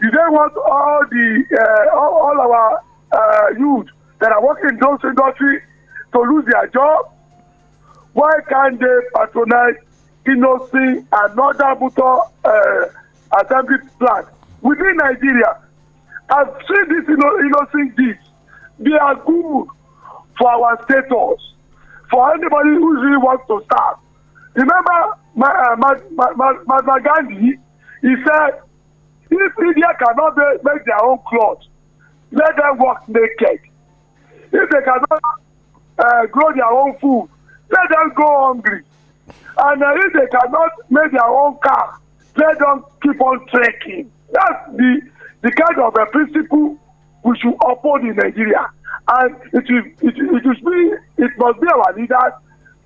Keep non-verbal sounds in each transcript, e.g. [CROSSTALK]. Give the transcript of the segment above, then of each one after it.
Do they want all the uh, all, all, our uh, youth that are working in those industries to lose their job? Why can't they patronize Inosi another Northern Buto uh, assembly plant within Nigeria? I've seen this Inosi deeds. They are good for our status, for anybody who really wants to start. Remember, uh, Mahatma Gandhi, he said, If India cannot make their own clothes, let them walk naked. If they cannot uh, grow their own food, let them go hungry. And uh, if they cannot make their own car, let them keep on trekking. That's the, the kind of a principle we should uphold in Nigeria. And it, is, it, it, is, it must be our leaders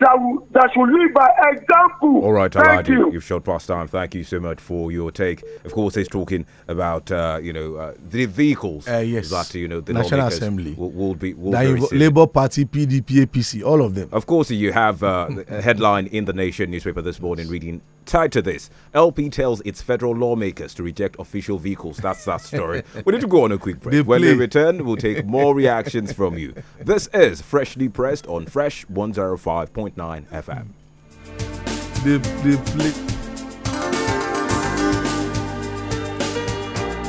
that, that should lead by example. All right, Thank you. You've shot past time. Thank you so much for your take. Of course, he's talking about uh, you know uh, the vehicles uh, yes. that you know the National Assembly will, will be will Labour Party, PDP, APC, all of them. Of course, you have uh, a headline in the Nation newspaper this morning reading Tied to this, LP tells its federal lawmakers to reject official vehicles. That's that story. we need to go on a quick break. when we return, we'll take more reactions from you. This is Freshly Pressed on Fresh 105.9 FM. They,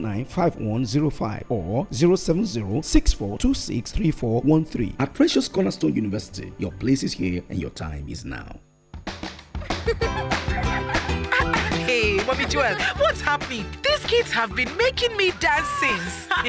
095105 or 070 At Precious Cornerstone University, your place is here and your time is now. [LAUGHS] Hey, Mommy Joel, what's happening? These kids have been making me dance since. [LAUGHS]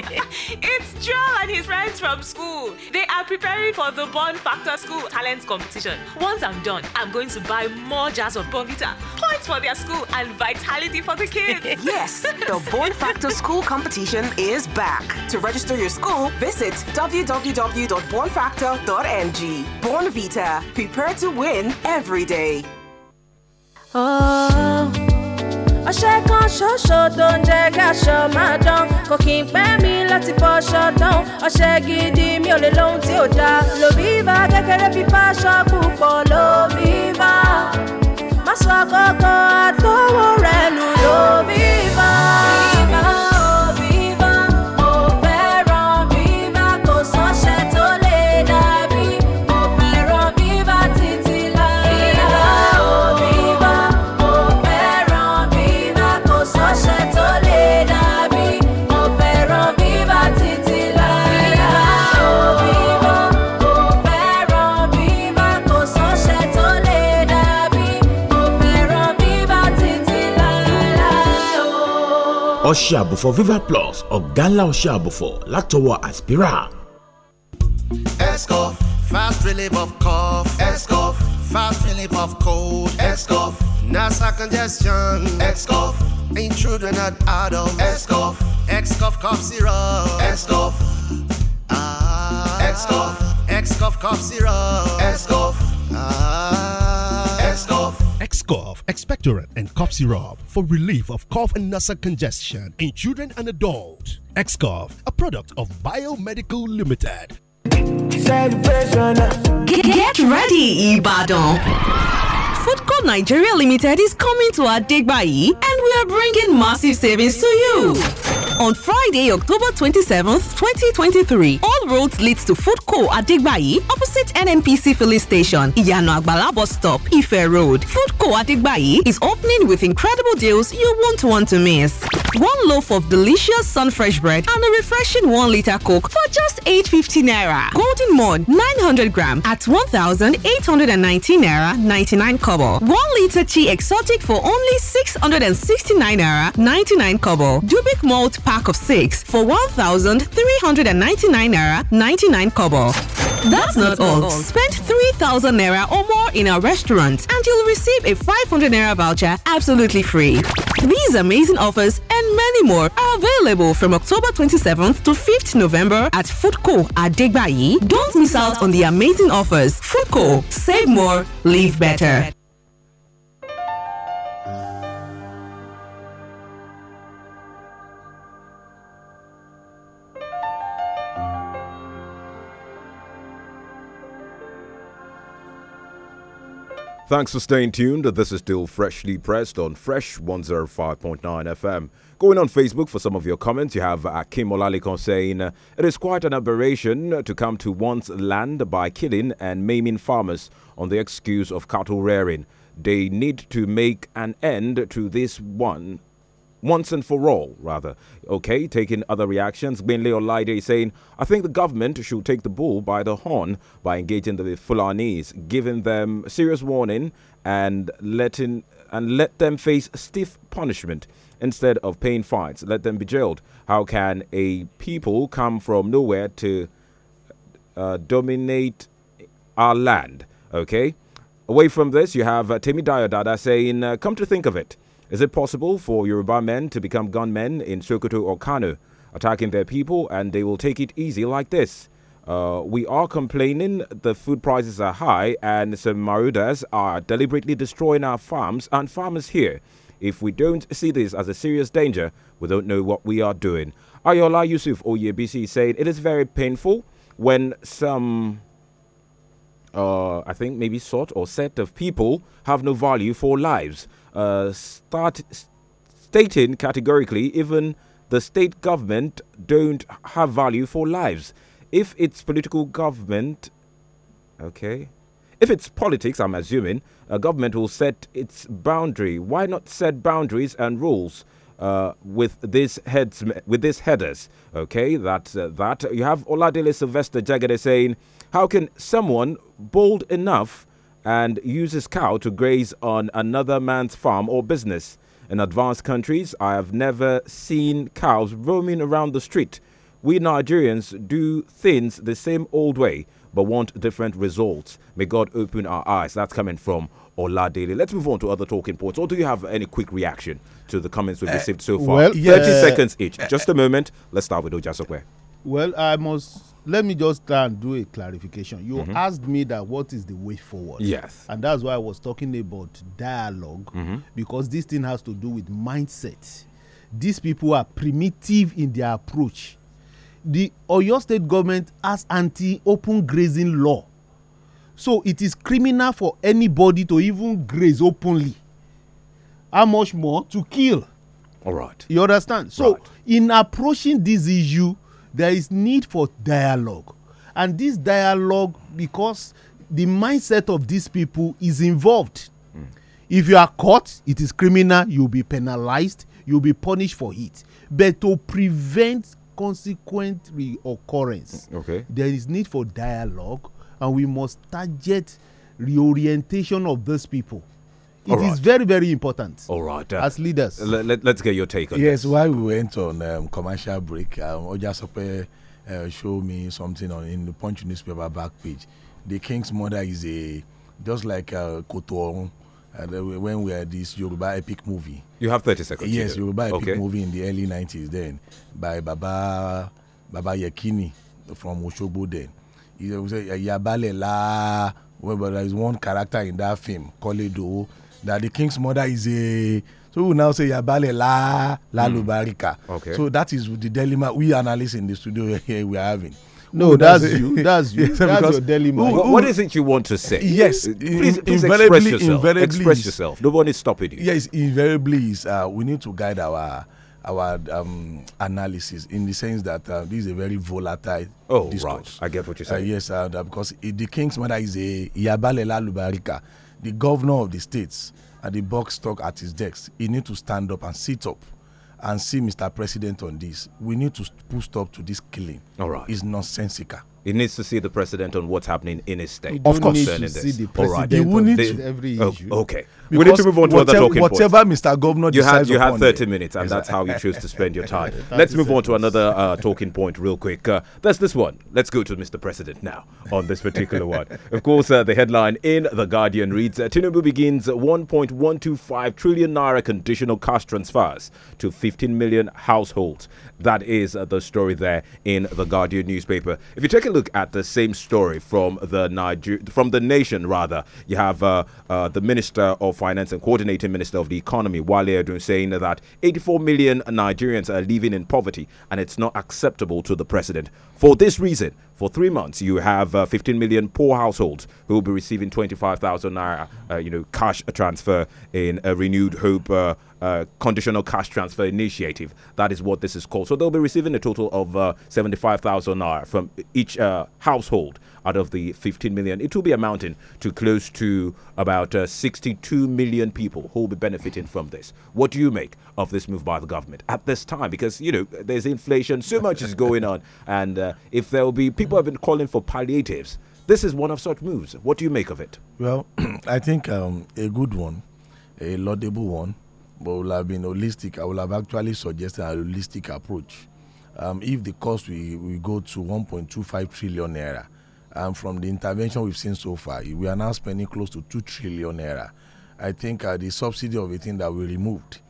it's Joel and his friends from school. They are preparing for the Born Factor School Talent Competition. Once I'm done, I'm going to buy more jars of Born points for their school, and vitality for the kids. [LAUGHS] yes, the Born Factor School Competition is back. To register your school, visit www.bornfactor.ng. Born Vita, prepare to win every day. Oh. ọṣẹ kan ṣoṣo tó ń jẹ́ káṣọ máa dán kò kí n pẹ́ mi láti fọṣọ tán ọṣẹ gidi mi ò lè lóhun tí ò dáa lòbíbá kékeré fífa aṣọ púpọ̀ lòbíbá má sọ àkókò àtọwọ́ rẹ̀ nù lòbíbá. Ọ̀ṣẹ́àbùfọ̀ Viva Plus ọ̀gá ńlá Ọ̀ṣẹ́àbùfọ̀ látọwọ́ Aspira. Escoff fast relief of cough. Escoff fast relief of cold. Escoff nasal congestion. Escoff in children and adults. Escoff Escoff cough syrup. Escoff ah. Escoff Escoff cough syrup. Escoff ah. Excough. Excough, expectorant, and cough syrup for relief of cough and nasal congestion in children and adults. Excough, a product of Biomedical Limited. Get ready, Ibadan. Foodco Nigeria Limited is coming to Adegbayi and we are bringing massive savings to you. On Friday, October 27th, 2023, all roads leads to Foodco Adegbayi opposite NNPC filling station, Iyano Agbala bus stop, Ife Road. Foodco Adegbayi is opening with incredible deals you won't want to miss. One loaf of delicious Sunfresh bread and a refreshing 1 liter Coke for just 8.50 naira. Golden Mud 900 gram at 1819 naira 99 cost kobo. 1 liter tea exotic for only 669 naira 99 kobo. Dubik malt pack of 6 for 1399 naira 99 kobo. That's, That's not, not all. all. Spend 3000 naira or more in our restaurant and you'll receive a 500 naira voucher absolutely free. These amazing offers and many more are available from October 27th to 5th November at Foodco at Degbayi. Don't miss out on the amazing offers. Foodco, save more, live better. Thanks for staying tuned. This is still freshly pressed on Fresh 105.9 FM. Going on Facebook for some of your comments, you have Akim Olalikon saying, It is quite an aberration to come to one's land by killing and maiming farmers on the excuse of cattle rearing. They need to make an end to this one once and for all, rather. Okay, taking other reactions, Leo Lide saying, I think the government should take the bull by the horn by engaging the Fulanis, giving them serious warning and letting and let them face stiff punishment instead of paying fines. Let them be jailed. How can a people come from nowhere to uh, dominate our land? Okay. Away from this, you have uh, Temi Diodada saying, uh, Come to think of it, is it possible for Yoruba men to become gunmen in Sokoto or Kano, attacking their people, and they will take it easy like this? Uh, we are complaining the food prices are high, and some marauders are deliberately destroying our farms and farmers here. If we don't see this as a serious danger, we don't know what we are doing. Ayola Yusuf Oyebisi said it is very painful when some uh, I think maybe sort or set of people have no value for lives uh, start, stating categorically even the state government don't have value for lives. If it's political government, okay, if it's politics, I'm assuming, a government will set its boundary. Why not set boundaries and rules? Uh, with these heads, with these headers, okay. That uh, that you have Oladele Sylvester Jagade saying, "How can someone bold enough and use his cow to graze on another man's farm or business. In advanced countries, I have never seen cows roaming around the street. We Nigerians do things the same old way but want different results. May God open our eyes. That's coming from Ola Daily. Let's move on to other talking points. Or do you have any quick reaction to the comments we've uh, received so far? Well, 30 uh, seconds each. Uh, Just a moment. Let's start with Ojasokwe. Well, I must let me just try and do a clarification. You mm -hmm. asked me that what is the way forward? Yes. And that's why I was talking about dialog mm -hmm. because this thing has to do with mindset. These people are primitive in their approach. The Oyo state government has anti open grazing law. So it is criminal for anybody to even graze openly. How much more to kill? All right. You understand? So, right. in approaching this issue, there is need for dialogue and this dialogue because the mindset of these people is involved mm. if you are caught it is criminal you'll be penalized you'll be punished for it but to prevent consequent reoccurrence mm, okay. there is need for dialogue and we must target reorientation of those people it right. is very, very important. All right. Uh, as leaders. Let, us get your take on Yes, this. while we went on um, commercial break, um, Ojasope uh, showed me something on in the Punch newspaper back page. The king's mother is a, just like uh, uh, when we had this Yoruba epic movie. You have 30 seconds. Yes, will Yoruba epic okay. movie in the early 90s then by Baba, Baba Yakini from Oshogbo then. He was Yabale La. Well, but there is one character in that film, Koledo, that the king's mother is a so we now say yabale la la mm. lubarika okay so that is the dilemma we analysts in the studio [LAUGHS] here we are having no, Ooh, that's, that's you. That's [LAUGHS] you. that's your dilemma. Who, who, what is it you want to say? Yes, please, uh, in, please express yourself. Invariably express is, yourself. Nobody's stopping you. Yes, invariably, is, uh, we need to guide our our um, analysis in the sense that uh, this is a very volatile oh, discourse. Right. I get what you're saying. Uh, yes, uh, because the king's mother is a Yabalela Lubarika the governor of the states and the box talk at his desk he need to stand up and sit up and see mr president on this we need to put stop to this killing all right it's nonsensical he needs to see the president on what's happening in his state. Of course, need to see the president All right. on every oh, issue. Oh, okay, we need to move on to whatever, other talking Whatever Mr. Governor you decides had, you had 30 it. minutes, and that's how you choose to spend your [LAUGHS] time. Let's move on to another uh, talking point real quick. Uh, that's this one. Let's go to Mr. President now on this particular one. [LAUGHS] Of course, uh, the headline in The Guardian reads, uh, Tinubu begins 1.125 trillion naira conditional cash transfers to 15 million households. That is uh, the story there in The Guardian newspaper. If you take a look at the same story from the Niger from the nation rather, you have uh, the Minister of Finance and Coordinating Minister of the Economy, Wale Edun, saying that 84 million Nigerians are living in poverty and it's not acceptable to the president. For this reason, for three months, you have uh, 15 million poor households who will be receiving 25,000 naira, uh, you know, cash transfer in a renewed hope. Uh, uh, conditional cash transfer initiative. That is what this is called. So they'll be receiving a total of uh, 75,000 naira from each uh, household out of the 15 million. It will be amounting to close to about uh, 62 million people who will be benefiting from this. What do you make of this move by the government at this time? Because, you know, there's inflation, so much is going on. [LAUGHS] And uh, if there will be people have been calling for palliatives, this is one of such moves. What do you make of it? Well, [CLEARS THROAT] I think um, a good one, a laudable one, but will have been holistic. I will have actually suggested a holistic approach. Um, if the cost we, we go to 1.25 trillion naira, and from the intervention we've seen so far, we are now spending close to 2 trillion naira. I think uh, the subsidy of a thing that we removed,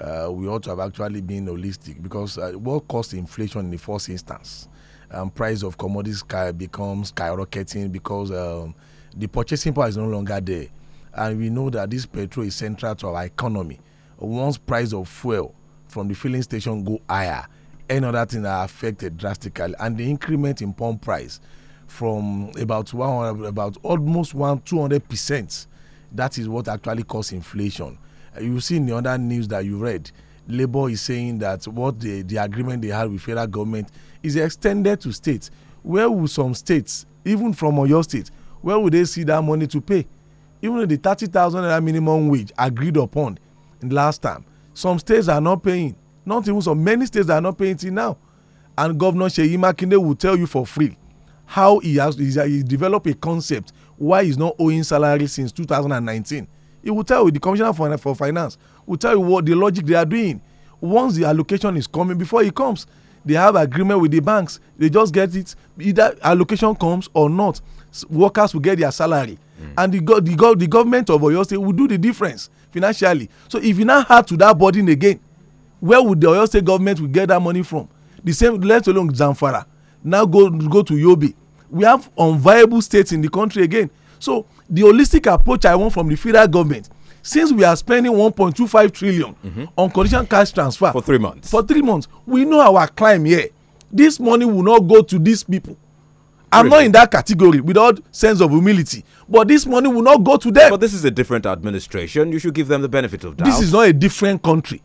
uh, we ought to have actually been holistic because uh, what caused inflation in the first instance? Um, price of commodities sky becomes skyrocketing because um, the purchasing power is no longer there. And we know that this petrol is central to our economy. Once price of fuel from the filling station go higher, any other thing are affected drastically. And the increment in pump price from about one about almost one two hundred percent that is what actually caused inflation uh, you see in the other news that you read labour is saying that what the the agreement they had with federal government is extended to states where will some states even from oyo state where will they see that money to pay even though the thirty thousand naira minimum wage agreed upon last time some states are not paying not even some many states are not paying till now and governor seyi makinde will tell you for free how he has he developed a concept why he's not owing salary since 2019 he will tell you the commissioner for, for finance will tell you what the logic they are doing once the allocation is coming before it comes they have agreement with the banks they just get it either allocation comes or not workers will get their salary mm. and the, go the, go the government of oyo state will do the difference financially so if you now add to that burden again where would the oyo state government will get that money from the same let alone zamfara now go go to yobe we have unviable states in the country again so the holistic approach i want from the federal government since we are spending one point two five trillion mm -hmm. on conditional cash transfer for three months for three months we know our climb here this money will not go to these people i'm really? not in that category without sense of humility but this money will not go to them. but this is a different administration you should give them the benefit of doubt. this is not a different country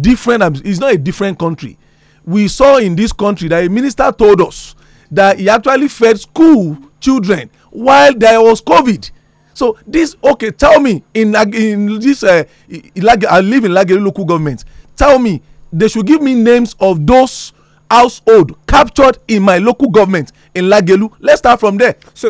different um, it's not a different country we saw in this country that a minister told us that he actually fed school children while there was covid so this okay tell me in in this uh, i live in lagere local government tell me they should give me names of those household captured in my local government in lagelu let's start from there so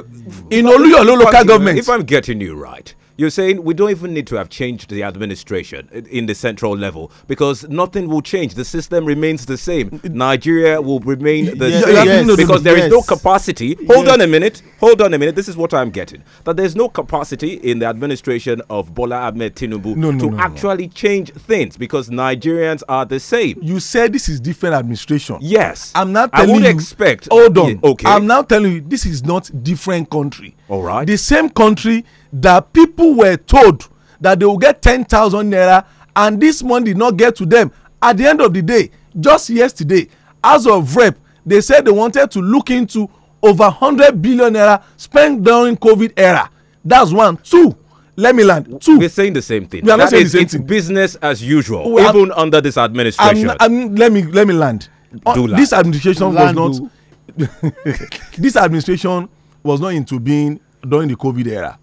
in oluyolo local government if i'm getting you right you're saying we don't even need to have changed the administration in the central level because nothing will change. The system remains the same. Nigeria will remain the yes, same yes, because there yes. is no capacity. Hold on a minute. Hold on a minute. This is what I'm getting. That there's no capacity in the administration of Bola Ahmed Tinubu no, no, to no, actually change things because Nigerians are the same. You said this is different administration. Yes. I'm not telling I would you, expect. Hold on. Yeah, okay. I'm now telling you this is not different country. All right. The same country that people were told that they will get ten thousand naira and this money did not get to them at the end of the day just yesterday as of rep they said they wanted to look into over hundred billion naira spent during covid era that's one two let me land two we're saying the same thing we are that not saying is, the same it's thing. business as usual well, even I'm, under this administration I'm, I'm, let me let me land uh, this administration land was not [LAUGHS] this administration was not into being during the covid era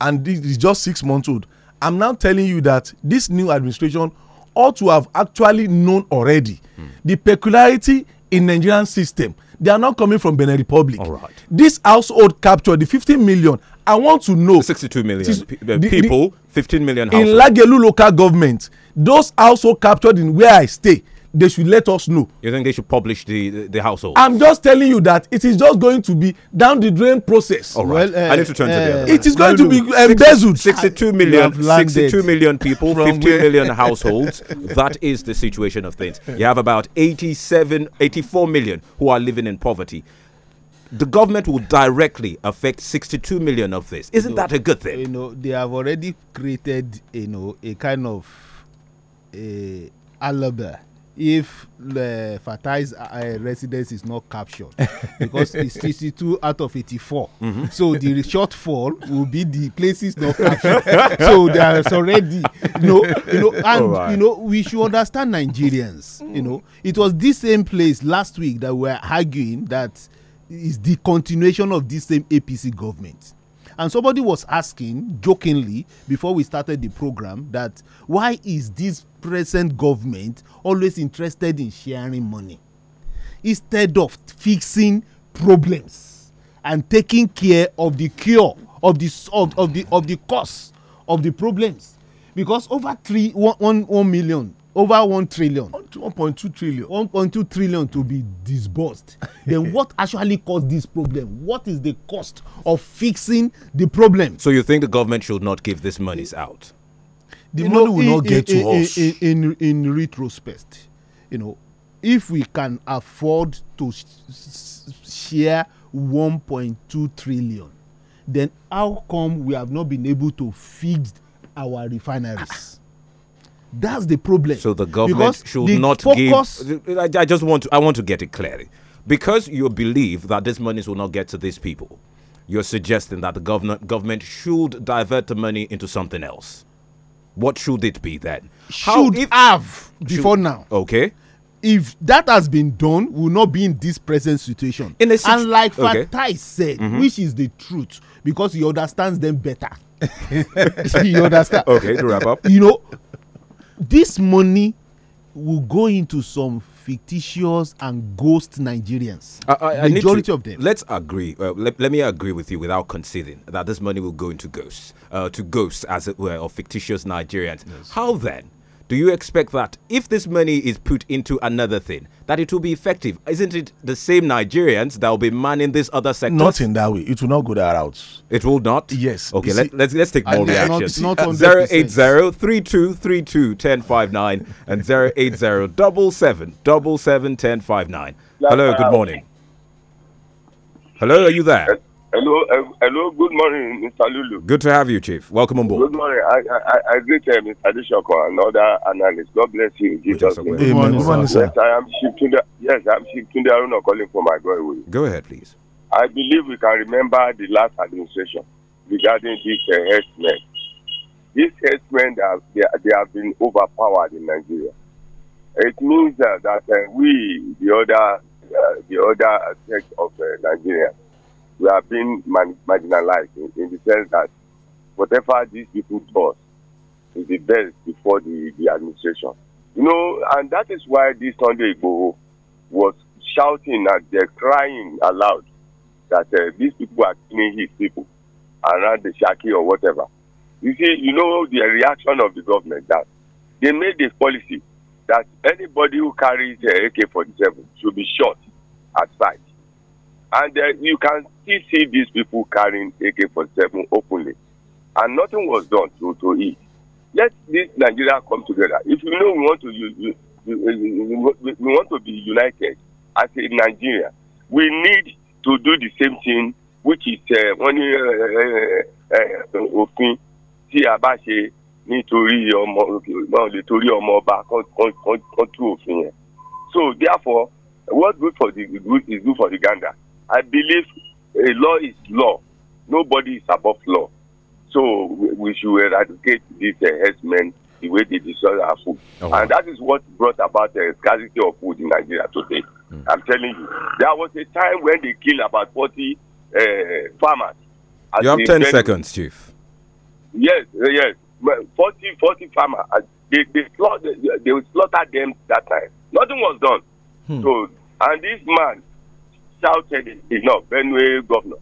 and this is just six months old i'm now telling you that this new administration ought to have actually known already mm. the peculiarity in nigerian system they are not coming from benin republic All right. this household captured the fifteen million i want to know sixty-two million this, the, people the, fifteen million households in lagelu local government those household captured in where i stay they should let us know. You think they should publish the the, the household? I'm just telling you that it is just going to be down the drain process. All right. Well, uh, I need to turn uh, to the other. Uh, it is going no, to be embezzled. 62 million, 62 million people, 50 million [LAUGHS] households. that is the situation of things. You have about 87, 84 million who are living in poverty the government will directly affect 62 million of this. Isn't that a good thing? You know, they have already created, you know, a kind of a eh, alibi if uh, Fatai's uh, residence is not captured [LAUGHS] because it's 62 out of 84. Mm -hmm. So the shortfall will be the places not captured. so there's already, you know, you know, and right. Oh, you know, we should understand Nigerians. You mm. know, it was this same place last week that we were arguing that is the continuation of this same APC government and somebody was asking jokingly before we started the program that why is this present government always interested in sharing money instead of fixing problems and taking care of the cure of the of, of the of the cause of the problems because over three one one million over one trillion. one point two trillion. one point two trillion to be disbursed. [LAUGHS] then what actually caused this problem? What is the cost of fixing the problem? So you think the government should not give these monies out? The you money know, will in, not in, get in, to us. In, in retrospect, you know, if we can afford to share one point two trillion, then how come we have not been able to fix our refineries? That's the problem. So the government because should not focus give. I, I just want to. I want to get it clear. Because you believe that these monies will not get to these people, you're suggesting that the government government should divert the money into something else. What should it be then? How, should if, have before should, now. Okay if that has been done we will not be in this present situation in situ and like okay. fatai said mm -hmm. which is the truth because he understands them better [LAUGHS] He understands. okay to wrap up you know this money will go into some fictitious and ghost Nigerians. I, I, I Majority to, of them. Let's agree. Uh, let, let, me agree with you without conceding that this money will go into ghosts, uh, to ghosts, as it were, or fictitious Nigerians. Yes. How then? do you expect that if this money is put into another thing, that it will be effective? Isn't it the same Nigerians that will be manning this other sector? Not in that way. It will not go that route. It will not. Yes. Okay. Let, us let's, let's take more reactions. Zero eight zero three two three two ten five nine and zero eight zero double seven double seven ten five nine. Hello. Good morning. Hello. Are you there? Hello, uh, hello. Good morning, Mr. Lulu. Good to have you, Chief. Welcome on board. Good morning. I, I, I greet uh, Mr. Dishoko and other analysts. God bless you. Jesus Amen. Good morning, good morning sir. Yes, I am Yes, I am Tunde Aruna calling for my going Go ahead, please. I believe we can remember the last administration regarding this uh, herdsmen. These herdsmen, they, they have been overpowered in Nigeria. It means uh, that uh, we, the other, uh, the other sect of uh, Nigeria we are being marginalized in, in, the sense that whatever these people do is the best before the, the administration. You know, and that is why this Sunday go was shouting and they're crying aloud that uh, these people are killing his people around the Shaki or whatever. You see, you know the reaction of the government that they made a policy that anybody who carries uh, AK-47 should be shot at sight. And uh, you can still see these people carrying AK 47 openly. And nothing was done to, to it. Let this Nigeria come together. If you know we want to, we want to be united as a Nigeria, we need to do the same thing, which is uh, wọ́n ní see uh, uh, tí a bá ṣe nítorí ọmọ náà lè torí ọmọ ọba kan tú òfin yẹn. So therefore, what good for the good is good for the gander. I believe a law is law. Nobody is above law. So we should eradicate this uh, the way they destroy our food. Oh, wow. And that is what brought about the scarcity of food in Nigeria today. Mm. I'm telling you. There was a time when they killed about 40 uh, farmers. You have 10 seconds, Chief. Yes, uh, yes. 40, 40 farmers. Uh, they, they, slaughtered, they slaughtered them that time. Nothing was done. Hmm. So, and this man, shouted enough. Benue governor.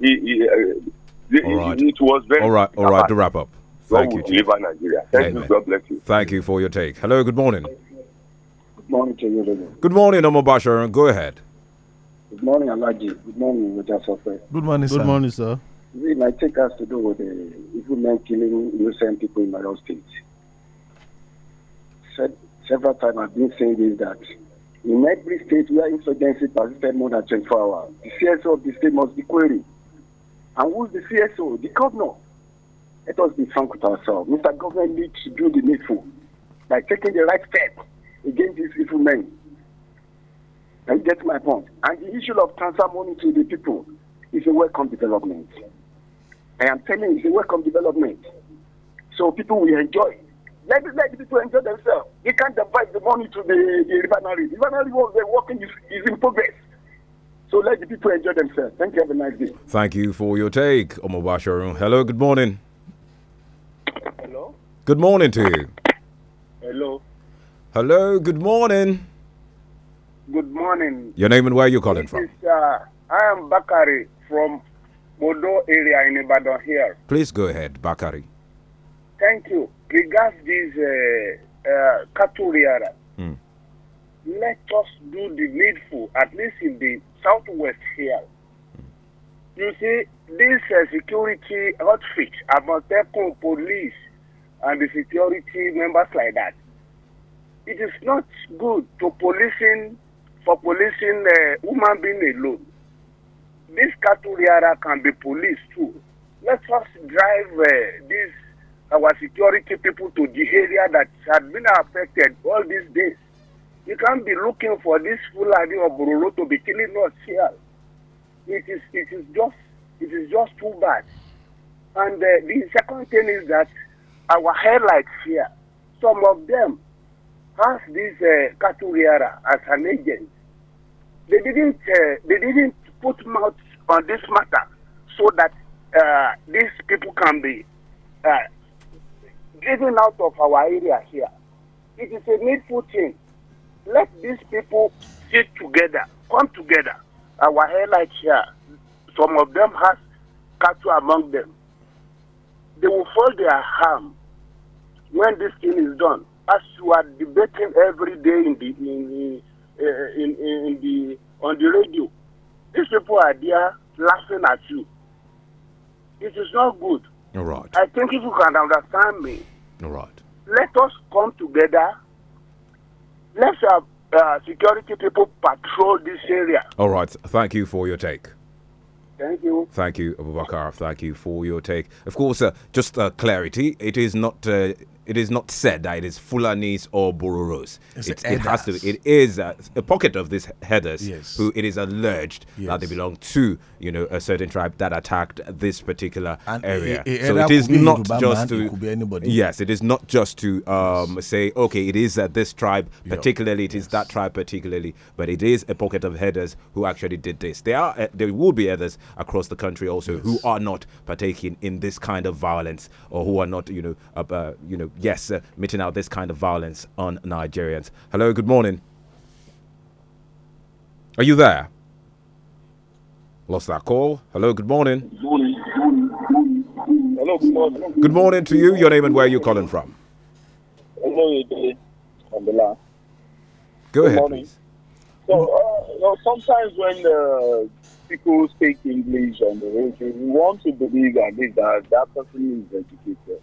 He, he, uh, the, all right. It was very. All right, all right, to wrap up. Thank you. Deliver Nigeria. Thank Amen. you. God bless you. Thank you for your take. Hello, good morning. Good morning to you, Lulu. Good morning, Omo Bashar. Go ahead. Good morning, Alaji. Good morning, Roger Good morning, sir. Good morning, sir. See, my take has to do with the evil men killing innocent people in my own state. several times I've been saying this that in every state where insurgency persisted more than 24 hours, the CSO of the state must be queried. And who's the CSO? The governor. Let us be frank with ourselves. Mr. Government needs to do the needful by taking the right step against these evil men. And get my point. And the issue of transfer money to the people is a welcome development. I am telling you, it's a welcome development. So people will enjoy let, the people enjoy themselves. You can't divide the money to the, the refinery. The refinery was the working is, is in progress. So let the people enjoy themselves. Thank you. Have a nice day. Thank you for your take, Omobasharun. Hello, good morning. Hello. Good morning to you. Hello. Hello, good morning. Good morning. Your name and where you calling from? Is, uh, I am Bakari from Bodo area in Ibadan here. Please go ahead, Bakari. Thank you regards this uh, uh, mm. let us do the needful, at least in the southwest here. You see, this uh, security outfit, Amotekun police, and the security members like that, it is not good to policing for policing uh, woman being alone. This Katuriara can be police too. Let us drive uh, this our security people to the area that had been affected all these days. You can't be looking for this Fulani of Bororo to be killing us here. It is, it is just, it is just too bad. And uh, the second thing is that our highlights here, some of them has this uh, Katuriara as an agent. They didn't, uh, they didn't put mouth on this matter so that uh, these people can be uh, driven out of our area here. It is a needful thing. Let these people sit together, come together. Our highlight here, some of them has cattle among them. They will fall their harm when this thing is done. As you are debating every day in the in eh, in, in the on the radio, these people are there laughing at you. It is not good. All right. I think if you can understand me. All right. Let us come together. Let's have uh, security people patrol this area. All right. Thank you for your take. Thank you. Thank you, Abubakar. Thank you for your take. Of course, uh, just uh, clarity. It is not uh, it is not said that it is Fulanese or Bororos. it, it has to. It is a, a pocket of these headers yes. who it is alleged yes. that they belong to you know a certain tribe that attacked this particular and area. so it is not just to. Yes, it is not just to um, yes. say okay, it is uh, this tribe particularly, it is that tribe particularly, but it is a pocket of headers who actually did this. There are uh, there will be others across the country also who are not partaking in this kind of violence or who are not you know uh, you know yes, uh, out this kind of violence on Nigerians. Hello, good morning. Are you there? Lost that call. Hello, good morning. Good morning. Hello, good morning. Good morning to you. Your name and where you calling from. Hello, from the last. Go good ahead. Morning. So, uh, you know, sometimes when uh, people speak English on the radio, we want to believe that that person is educated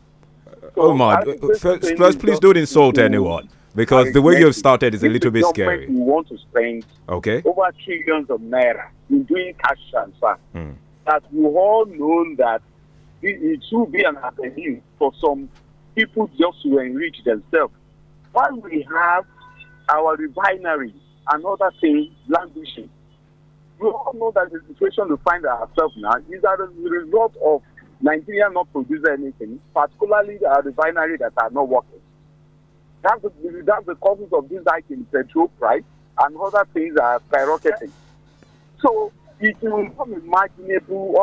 so oh my! Uh, uh, first, first please don't insult anyone because the way you have started is a little bit scary. You want to spend okay over trillions of naira in doing cash transfer. Mm. That we all know that it, it should be an avenue for some people just to enrich themselves. While we have our refineries and other things languishing, we all know that the situation we find ourselves now is as a result of Nigeria not producing anything, particularly uh, the refinery that are not working. That's the, that's the causes of this hike in petrol price and other things are skyrocketing. So it will become imaginable,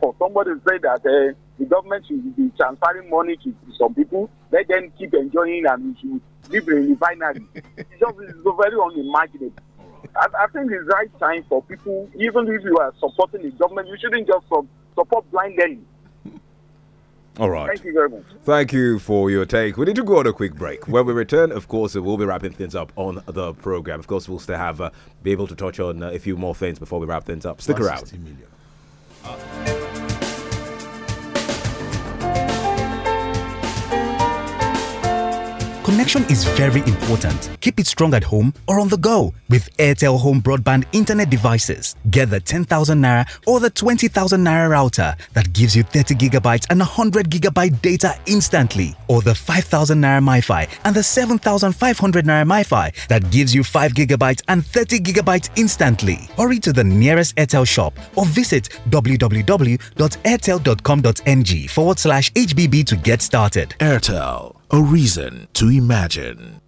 for somebody to say that uh, the government should be transferring money to, to, some people, let them keep enjoying and we should live in refinery. it's just it's very unimaginable. I, I, think it's right time for people, even if you are supporting the government, you shouldn't just support blindly. All right. Thank you very much. Thank you for your take. We need to go on a quick break. When we return, of course, we'll be wrapping things up on the program. Of course, we'll still have uh, be able to touch on uh, a few more things before we wrap things up. Stick around. Connection is very important. Keep it strong at home or on the go with Airtel Home Broadband Internet devices. Get the 10,000 Naira or the 20,000 Naira router that gives you 30 gigabytes and 100 gigabyte data instantly, or the 5,000 Naira MiFi and the 7,500 Naira MiFi that gives you 5 gigabytes and 30 gigabytes instantly. Hurry to the nearest Airtel shop or visit www.airtel.com.ng forward slash HBB to get started. Airtel a reason to imagine.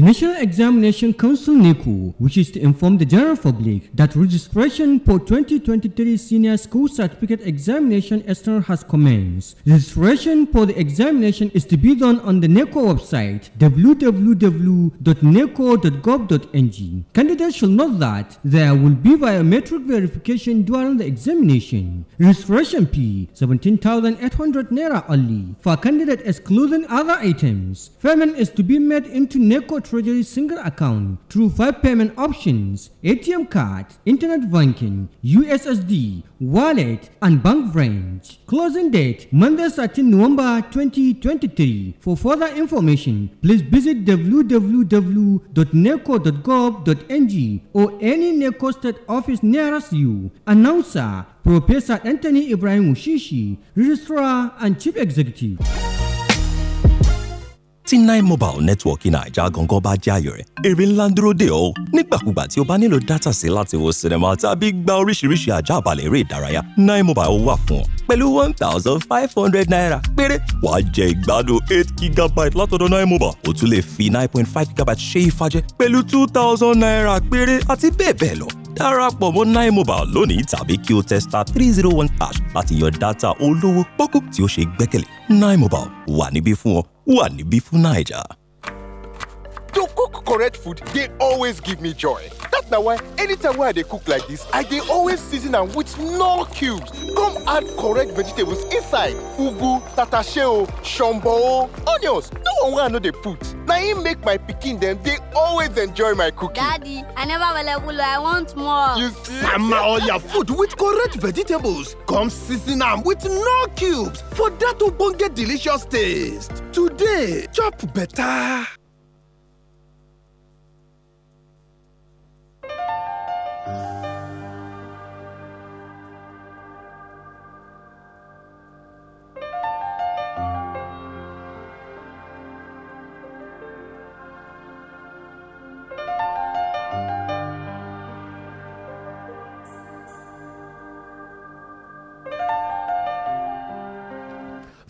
The National Examination Council which wishes to inform the general public that registration for 2023 Senior School Certificate Examination External has commenced. Registration for the examination is to be done on the NECO website www.neco.gov.ng. Candidates should note that there will be biometric verification during the examination. Registration fee 17,800 naira only for candidate excluding other items. Payment is to be made into NECO treasury single account through five payment options, ATM card, internet banking, USSD, wallet, and bank branch. Closing date, Monday 13 November 2023. For further information, please visit www.neco.gov.ng or any NECO state office nearest you. Announcer, Professor Anthony Ibrahim Ushishi, Registrar and Chief Executive. Tinai nine mobile nẹ́tíwọ̀kì naija gangan bá jẹ́ ayọ̀ rẹ̀ èrè ńlá ń dúró dè ọ́ nígbàkúgbà tí o bá nílò dátà sí láti wo sinimá tàbí gba oríṣiríṣi àjàbalẹ̀ eré ìdárayá nine mobile wà fún ọ pẹ̀lú one thousand five hundred naira péré wàá jẹ ìgbádùn eight gigabyte látọ̀dọ̀ nine mobile o tún lè fi nine point five gigabyte ṣe ìfàjẹ pẹ̀lú two thousand naira péré àti bẹ́ẹ̀ bẹ́ẹ̀ lọ darapọ̀ mọ́ nine mobile lónìí tàbí kí o tẹ three zero one hash láti yan dátà olówó pọ́kú tí o ṣe gbẹ́kẹ̀lé nine mobile wà níbí fún ọ uharibifu Niger. to cook correct food they always give me joy That's na why anytime wey i dey cook like this, i dey always season them with no cubes come add correct vegetables inside ugu tatashe shombo onions no one wey i no dey put Now im make my picking them, they always enjoy my cooking daddy i never will welewolo oh. i want more you sama all your food with correct vegetables come season them with no cubes for dat ogbonge delicious taste today chop better.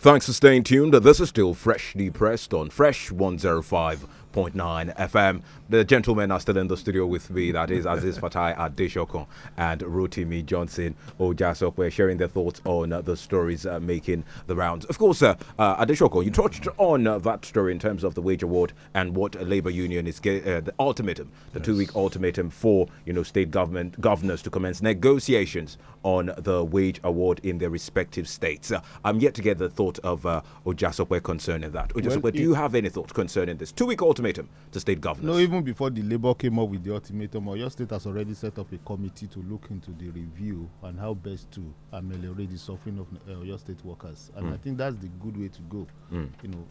Thanks for staying tuned. This is still freshly pressed on Fresh 105. 101.9 FM. The gentlemen are still in the studio with me. That is Aziz Fatai at Deshokon and Rotimi Johnson Ojasope sharing their thoughts on uh, the stories uh, making the rounds. Of course, uh, uh, Adeshokon, you touched on uh, that story in terms of the wage award and what a labor union is uh, the ultimatum, the yes. two-week ultimatum for you know state government governors to commence negotiations on the wage award in their respective states. Uh, I'm yet to get the thought of uh, Ojasope concerning that. Ojasope, well, do you have any thoughts concerning this two-week ultimatum? ultimatum to state governors. No, even before the Labour came up with the ultimatum, your State has already set up a committee to look into the review and how best to ameliorate the suffering of uh, your State workers. And mm. I hmm. think that's the good way to go. Mm. You know,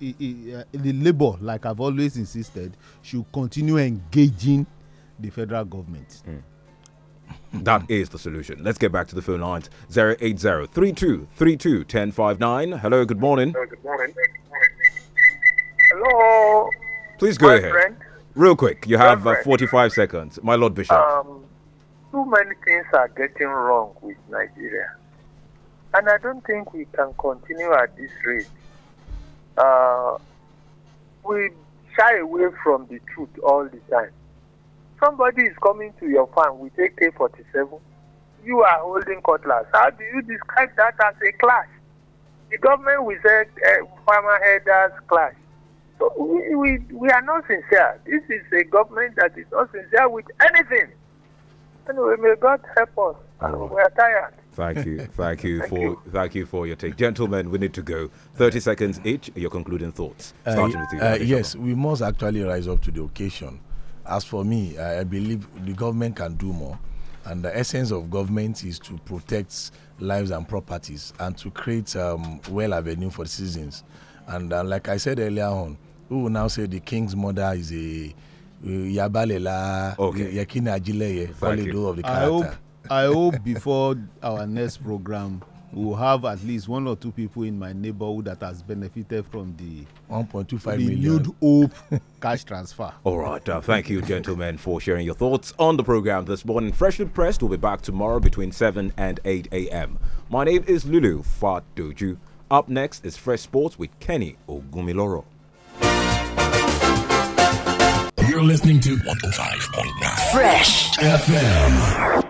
it, it, uh, the Labour, like I've always insisted, should continue engaging the federal government. Mm. that is the solution. Let's get back to the phone lines. 080 32 32 1059. Hello, good morning. Hello, good morning. Good morning. Hello. Please go ahead. Friend. Real quick, you have uh, 45 seconds. My Lord Bishop. Um, too many things are getting wrong with Nigeria. And I don't think we can continue at this rate. Uh, we shy away from the truth all the time. Somebody is coming to your farm with AK 47. You are holding cutlass. How do you describe that as a clash? The government will say uh, farmer herders clash we, we, we are not sincere. This is a government that is not sincere with anything. Anyway, may God help us. Right. We are tired. Thank you, [LAUGHS] thank you thank for you. thank you for your take, gentlemen. We need to go. Thirty seconds each. Your concluding thoughts, uh, starting uh, with you. Uh, yes, we must actually rise up to the occasion. As for me, I, I believe the government can do more, and the essence of government is to protect lives and properties and to create um, well avenue for citizens. And uh, like I said earlier on, who will now say the king's mother is a uh, Yabalela, okay. Yakini Ajileye, Holido of the character. I hope, [LAUGHS] I hope before our next program, we'll have at least one or two people in my neighborhood that has benefited from the 1.25 renewed hope [LAUGHS] cash transfer. All right. Uh, thank you, gentlemen, for sharing your thoughts on the program this morning. Freshly Pressed will be back tomorrow between 7 and 8 a.m. My name is Lulu Fat Doju. Up next is Fresh Sports with Kenny Ogumiloro. listening to 105.9 Fresh FM.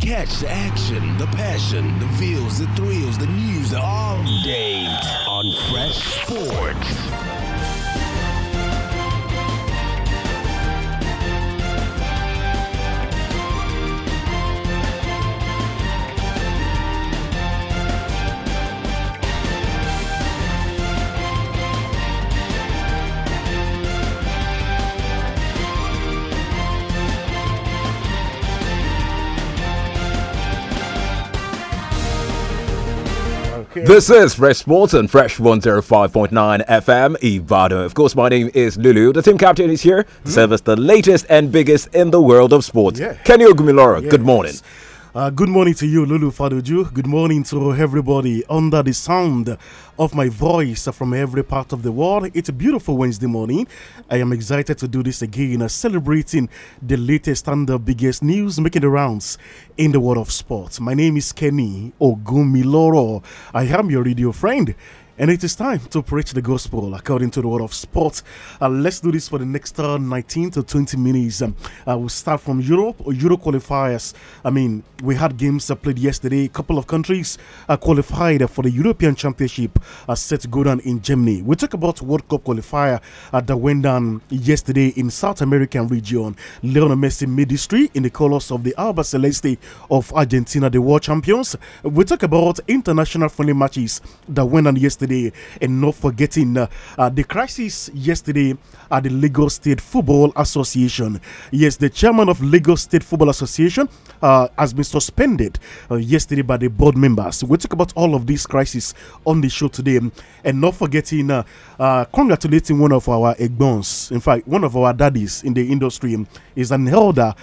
Catch the action, the passion, the feels, the thrills, the news all day on Fresh Sports. This is Fresh Sports and Fresh 105.9 FM, Ivado. Of course, my name is Lulu. The team captain is here to mm -hmm. serve us the latest and biggest in the world of sports. Yeah. Kenny Ogumiloro, good morning. Yes. Uh, good morning to you, Lulu Faduju. Good morning to everybody under the sound of my voice from every part of the world. It's a beautiful Wednesday morning. I am excited to do this again, uh, celebrating the latest and the biggest news making the rounds in the world of sports. My name is Kenny Ogumiloro. I am your radio friend and it is time to preach the gospel according to the word of sport. Uh, let's do this for the next uh, 19 to 20 minutes. Um, uh, we'll start from Europe or Euro qualifiers. I mean, we had games uh, played yesterday. A couple of countries uh, qualified for the European Championship uh, set to go down in Germany. We talk about World Cup qualifier that went down yesterday in South American region. Lionel Messi made history in the colors of the Alba Celeste of Argentina, the world champions. We talk about international friendly matches that went on yesterday yesterday and not forgetting uh, uh, the crisis yesterday at the Lagos State Football Association. Yes, the chairman of Lagos State Football Association uh, has been suspended uh, yesterday by the board members. We'll talk about all of these crises on the show today and not forgetting uh, uh, congratulating one of our egbons. In fact, one of our daddies in the industry is an elder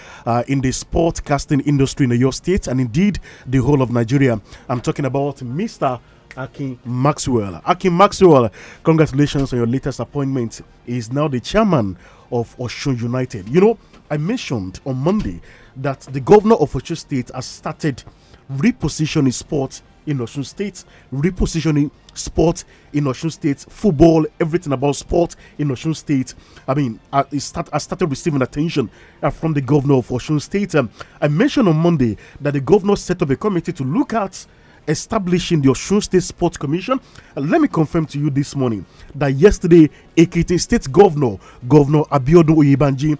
in the sportcasting industry in your state and indeed the whole of Nigeria. I'm talking about Mr. Akin Maxwell. Akin Maxwell, congratulations on your latest appointment. He's is now the chairman of Oshun United. You know, I mentioned on Monday that the governor of Oshun State has started repositioning sports in Oshun State, repositioning sport in Oshun State, football, everything about sport in Oshun State. I mean, I, uh, start, I started receiving attention uh, from the governor of Oshun State. Um, I mentioned on Monday that the governor set up a committee to look at establishing the Osun State Sports Commission. And let me confirm to you this morning that yesterday, Ekiti State Governor, Governor Abiodun Oyebanji,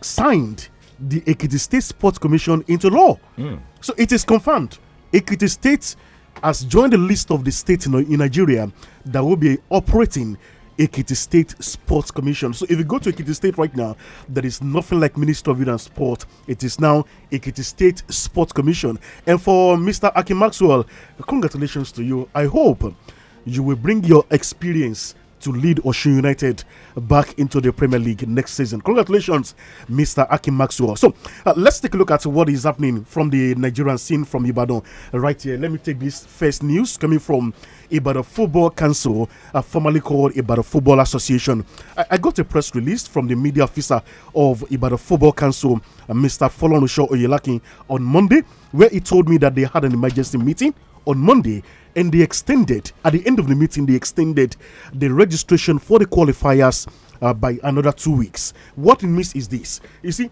signed the Ekiti State Sports Commission into law. Mm. So it is confirmed. Ekiti State has joined the list of the states in, in Nigeria that will be operating Ekiti State Sports Commission. So if you go to Ekiti State right now, there is nothing like Minister of Youth and Sport. It is now Ekiti State Sports Commission. And for Mr. Aki Maxwell, congratulations to you. I hope you will bring your experience to lead Oshun United back into the Premier League next season. Congratulations, Mr. Akim Maxwell. So uh, let's take a look at what is happening from the Nigerian scene from Ibadan right here. Let me take this first news coming from Ibadan Football Council, uh, formerly called Ibadan Football Association. I, I, got a press release from the media officer of Ibadan Football Council, uh, Mr. Folonusho Oyelaki, on Monday, where he told me that they had an emergency meeting on Monday, and they extended, at the end of the meeting, they extended the registration for the qualifiers uh, by another two weeks. What it means is this you see,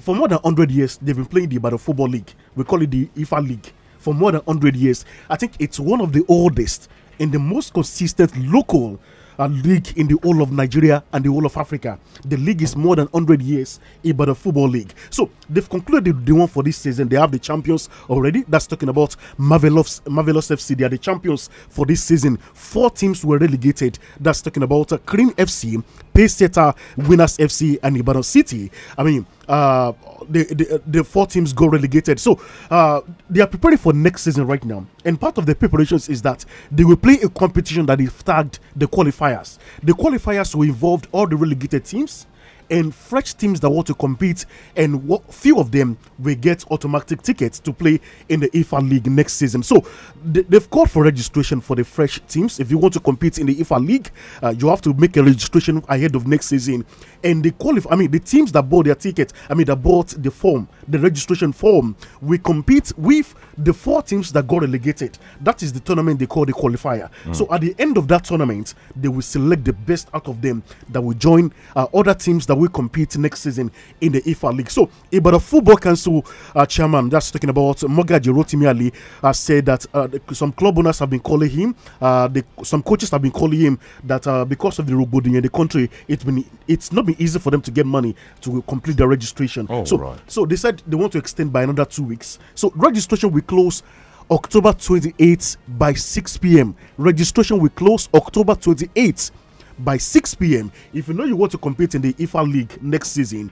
for more than 100 years, they've been playing the Battle Football League. We call it the IFA League. For more than 100 years, I think it's one of the oldest and the most consistent local a league in the whole of Nigeria and the whole of Africa. The league is more than 100 years, but the football league. So they've concluded the one for this season. They have the champions already. That's talking about Marvelous, Marvelous FC. They are the champions for this season. Four teams were relegated. That's talking about uh, Cream FC, Payseta, Winners FC, and Ibadan City. I mean, uh, the, the, the four teams go relegated. So uh, they are preparing for next season right now. And part of the preparations is that they will play a competition that is tagged the qualifiers. The qualifiers will involve all the relegated teams and fresh teams that want to compete, and few of them will get automatic tickets to play in the IFA League next season. So they've called for registration for the fresh teams. If you want to compete in the IFA League, uh, you have to make a registration ahead of next season. And the qualify, I mean, the teams that bought their ticket, I mean, that bought the form, the registration form, we compete with the four teams that got relegated. That is the tournament they call the qualifier. Mm. So at the end of that tournament, they will select the best out of them that will join uh, other teams that will compete next season in the IFA League. So, about a Football Council uh, chairman, that's talking about Mogaji Rotimi Ali, uh, said that. Uh, some club owners have been calling him. Uh, the, some coaches have been calling him that uh, because of the rebuilding in the country, it's been it's not been easy for them to get money to complete their registration. Oh, so, right. so they said they want to extend by another two weeks. So registration will close. October 28th by 6 p.m. Registration will close October 28th by 6 p.m. If you know you want to compete in the IFA League next season,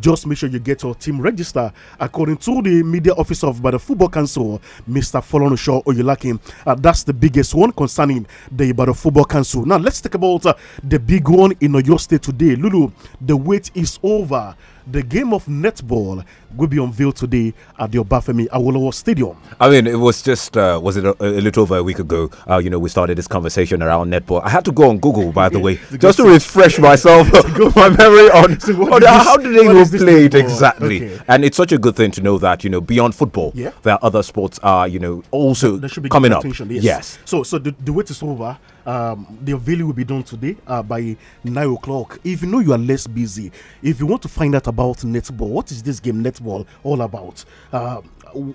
just make sure you get your team register. According to the media Office of by the Football Council, Mr. Folonosho Oyelakin, uh, that's the biggest one concerning the Ibadan Football Council. Now, let's talk about uh, the big one in your State today. Lulu, the wait is over the game of netball will be unveiled today at the Obafemi Awolowo Stadium. I mean, it was just uh, was it a, a, little over a week ago? Uh, you know, we started this conversation around netball. I had to go on Google, by the just to refresh myself, [LAUGHS] [LAUGHS] my memory on, [LAUGHS] on how did England play it exactly. Okay. And it's such a good thing to know that, you know, beyond football, yeah. there are other sports are, you know, also coming up. Yes. yes. So so the, the wait is over. Um, the unveiling will be done today uh, by 9 o'clock. If you know you are less busy, if you want to find out about netball, what is this game netball all about? Uh,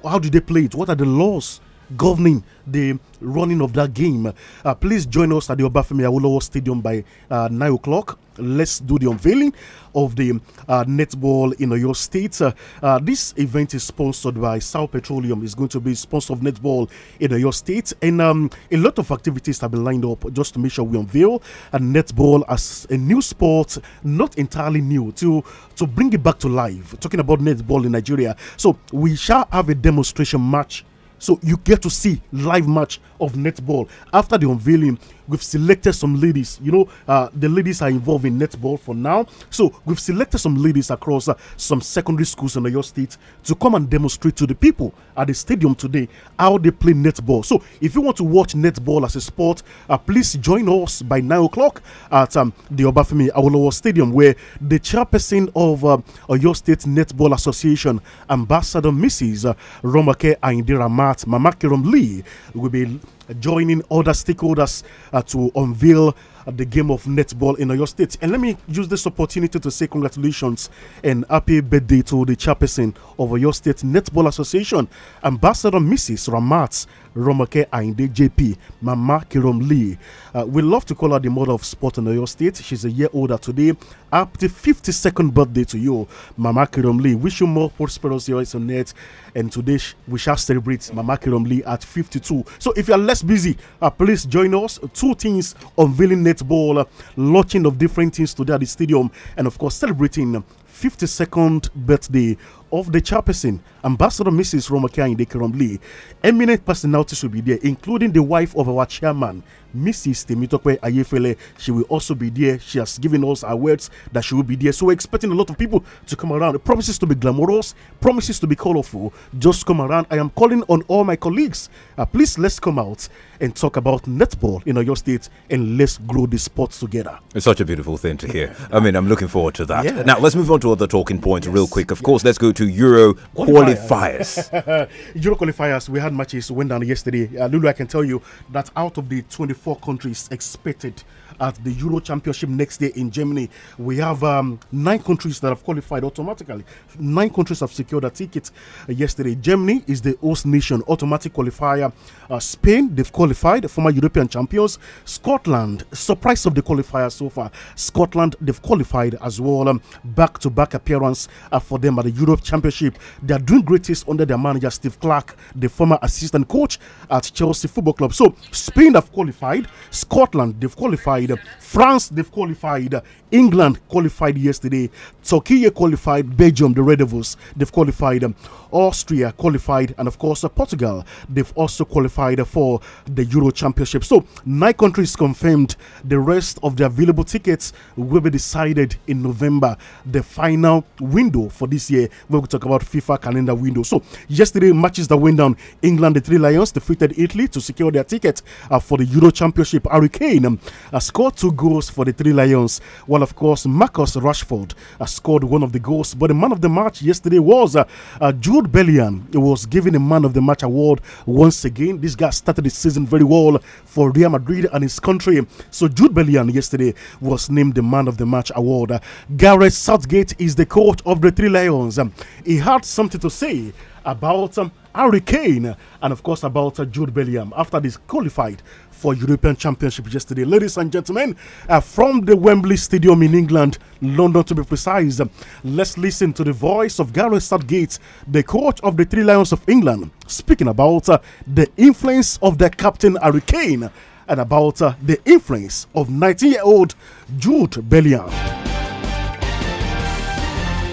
how do they play it? What are the laws? governing the running of that game. Uh, please join us at the Obafemi Awolowo Stadium by uh, 9 o'clock. Let's do the unveiling of the uh, netball in your state. Uh, uh, this event is sponsored by South Petroleum. It's going to be sponsor of netball in your state, and um, a lot of activities have been lined up just to make sure we unveil a netball as a new sport, not entirely new, to to bring it back to life. Talking about netball in Nigeria, so we shall have a demonstration match so you get to see live match of netball. After the unveiling, we've selected some ladies. You know, uh, the ladies are involved in netball for now. So we've selected some ladies across uh, some secondary schools in your state to come and demonstrate to the people at the stadium today how they play netball. So if you want to watch netball as a sport, uh, please join us by nine o'clock at um, the Obafemi Awolowo Stadium, where the chairperson of uh, your state netball association, Ambassador Mrs. Uh, Romake Aindira Mat Mamakiram Lee, will be joining other stakeholders uh, to unveil the game of netball in your state. And let me use this opportunity to say congratulations and happy birthday to the chairperson of your state netball association, Ambassador Mrs. Ramat Romake Ainde JP, Mama Kirom Lee. Uh, we love to call her the mother of sport in Oyo State. She's a year older today. Happy 52nd birthday to you, Mama Kirom Lee. Wish you more prosperous years on net. And today we shall celebrate Mama Kirom Lee at 52. So if you are less busy, uh, please join us. Two things unveiling netball, uh, launching of different things today at the stadium, and of course celebrating 52nd birthday of the chairperson, Ambassador Mrs. Romakia Indekiramli. Eminent personalities will be there, including the wife of our chairman, Mrs. Temitope Ayefele. She will also be there. She has given us her words that she will be there. So we're expecting a lot of people to come around. It promises to be glamorous, promises to be colorful. Just come around. I am calling on all my colleagues. Uh, please let's come out and talk about netball in your state and let's grow the sport together. It's such a beautiful thing to hear. I mean, I'm looking forward to that. Yeah. Now let's move on to other talking points yes. real quick. Of yes. course, let's go to to Euro qualifiers. qualifiers. [LAUGHS] Euro qualifiers, we had matches went down yesterday. Uh, Lulu, I can tell you that out of the 24 countries expected at the Euro Championship next day in Germany. We have um, nine countries that have qualified automatically. Nine countries have secured a ticket yesterday. Germany is the host nation, automatic qualifier. Uh, Spain, they've qualified, former European champions. Scotland, surprise of the qualifier so far. Scotland, they've qualified as well. back to back appearance uh, for them at the Europe Championship. They are doing greatest under their manager, Steve Clark, the former assistant coach at Chelsea Football Club. So, Spain have qualified, Scotland, they've qualified qualified. France, they've qualified. England qualified yesterday. Turkey qualified. Belgium, the Red Devils, they've qualified. Austria qualified. And of course, uh, Portugal, they've also qualified for the Euro Championship. So, nine countries confirmed. The rest of the available tickets will be decided in November, the final window for this year. We'll talk about FIFA calendar window. So, yesterday, matches that went down England, the Three Lions defeated Italy to secure their ticket uh, for the Euro Championship. Hurricane um, uh, scored scored two goals for the Three Lions, while, of course, Marcus Rashford uh, scored one of the goals. But the man of the match yesterday was uh, uh, Jude Bellion. He was given a man of the match award once again. This guy started the season very well for Real Madrid and his country. So Jude Bellion yesterday was named the man of the match award. Uh, Gareth Southgate is the coach of the Three Lions. Um, he had something to say about um, Harry Kane and, of course, about uh, Jude Bellingham after this qualified for European Championship yesterday. Ladies and gentlemen, uh, from the Wembley Stadium in England, London to be precise, let's listen to the voice of Gareth Southgate, the coach of the Three Lions of England, speaking about uh, the influence of their captain Harry Kane and about uh, the influence of 19 year old Jude Bellion.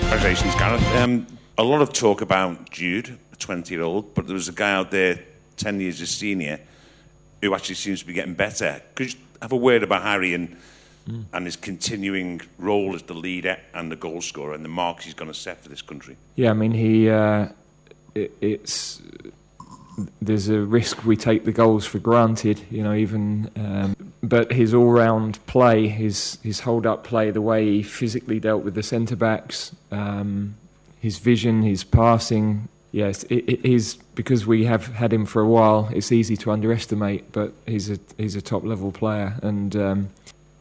Congratulations, Gareth. Um, a lot of talk about Jude, a 20 year old, but there was a guy out there 10 years his senior who actually seems to be getting better. Could you have a word about Harry and mm. and his continuing role as the leader and the goalscorer and the marks he's going to set for this country? Yeah, I mean he uh, it, it's there's a risk we take the goals for granted, you know, even. Um, but his all-round play, his his hold-up play, the way he physically dealt with the centre backs, um, his vision, his passing, yes, it, because we have had him for a while. It's easy to underestimate, but he's a he's a top level player, and um,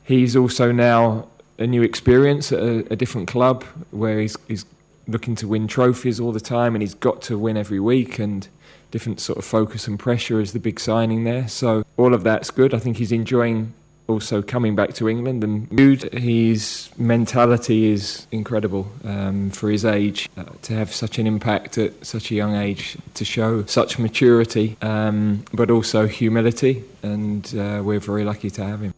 he's also now a new experience at a, a different club where he's, he's looking to win trophies all the time, and he's got to win every week, and different sort of focus and pressure as the big signing there. So all of that's good. I think he's enjoying also coming back to England and mood. His mentality is incredible um, for his age. Uh, to have such an impact at such a young age, to show such maturity, um, but also humility, and uh, we're very lucky to have him.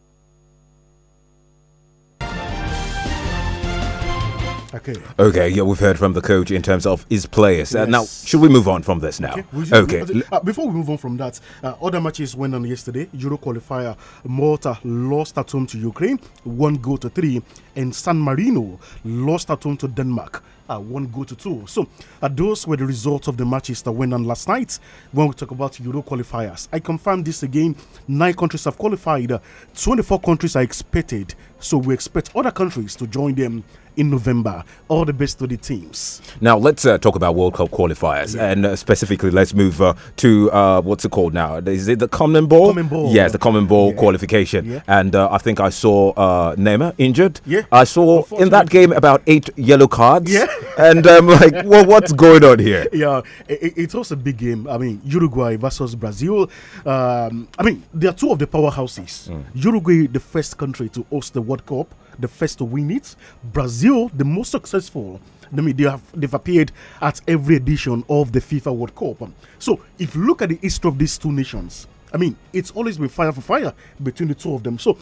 Okay. Okay. Yeah, we've heard from the coach in terms of his players. Yes. Uh, now, should we move on from this now? Okay. okay. uh, before we move on from that, uh, other matches went on yesterday. Euro qualifier Malta lost at home to Ukraine, one goal to three, and San Marino lost at home to Denmark, uh, one goal to two. So uh, those were the results of the matches that went on last night when we talk about Euro qualifiers. I confirm this again. Nine countries have qualified. Uh, 24 countries are expected. So we expect other countries to join them in November. All the best to the teams. Now let's uh, talk about World Cup qualifiers, yeah. and uh, specifically, let's move uh, to what's it called now? Is it the Common Ball? Common Ball. Yes, the Common Ball yeah. qualification. Yeah. And I think I saw Neymar injured. Yeah. I saw in that game about eight yellow cards. Yeah and I'm like, well, what's going on here? Yeah, it, it's also a big game. I mean, Uruguay versus Brazil. Um, I mean, they are two of the powerhouses. Mm. Uruguay, the first country to host the World Cup, the first to win it. Brazil, the most successful. I mean, they have they've appeared at every edition of the FIFA World Cup. So, if you look at the history of these two nations, I mean, it's always been fire for fire between the two of them. So,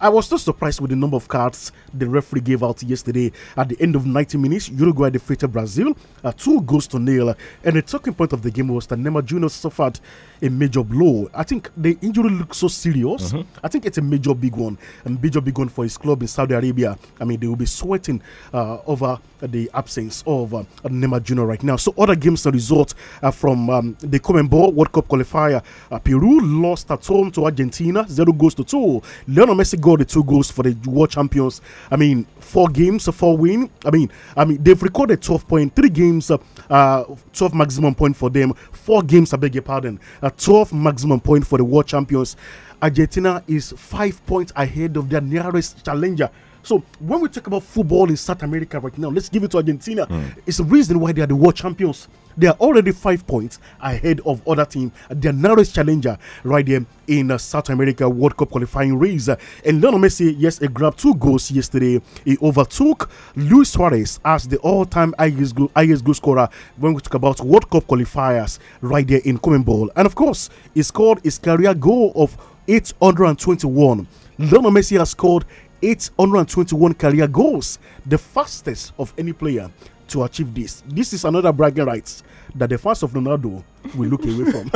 I was so surprised with the number of cards the referee gave out yesterday. At the end of 90 minutes, Uruguay defeated Brazil uh, two goals to nil. And the talking point of the game was that Neymar Jr. suffered a major blow. I think the injury looks so serious. Mm -hmm. I think it's a major big one, a major big one for his club in Saudi Arabia. I mean, they will be sweating uh, over the absence of uh, Neymar Jr. right now. So other games to result uh, from um, the Common Ball World Cup qualifier. Uh, Peru lost at home to Argentina, zero goals to two. Lionel Messi got the two goals for the World Champions. I mean, four games, four win. I mean, I mean they've recorded 12 point, three games, uh, uh 12 maximum point for them. Four games, I beg your pardon, A uh, 12 maximum point for the World Champions. Argentina is five points ahead of their nearest challenger so when we talk about football in South America right now, let's give it to Argentina. Mm. It's the reason why they are the world champions. They are already five points ahead of other team. Their narrowest challenger right there in uh, South America World Cup qualifying race. And Lionel Messi, yes, he grabbed two goals yesterday. He overtook Luis Suarez as the all-time highest goal, highest goal scorer when we talk about World Cup qualifiers right there in Common Ball. And of course, he scored his career goal of 821. Lionel Messi has scored 821 career goals, the fastest of any player to achieve this. This is another bragging rights that the fans of Ronaldo will look away from. [LAUGHS]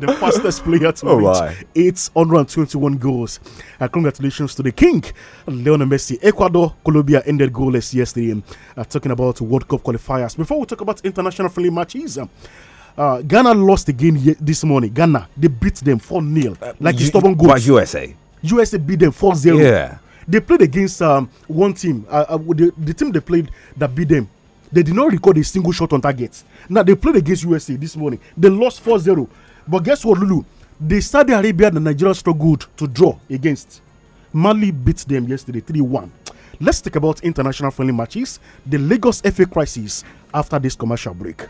the fastest player to oh reach my. 821 goals. And congratulations to the king, Lionel Messi. Ecuador, Colombia ended goalless yesterday. Uh, talking about World Cup qualifiers. Before we talk about international friendly matches, uh, Ghana lost again this morning. Ghana, they beat them 4 0. Like uh, you, stubborn goals. USA. USA beat them 4 0. Yeah. They played against um, one team, uh, uh, the, the team they played that beat them. They did not record a single shot on target. Now, they played against USA this morning. They lost 4 0. But guess what, Lulu? The Saudi Arabia and Nigeria struggled to draw against. Mali beat them yesterday 3 1. Let's talk about international friendly matches, the Lagos FA crisis after this commercial break.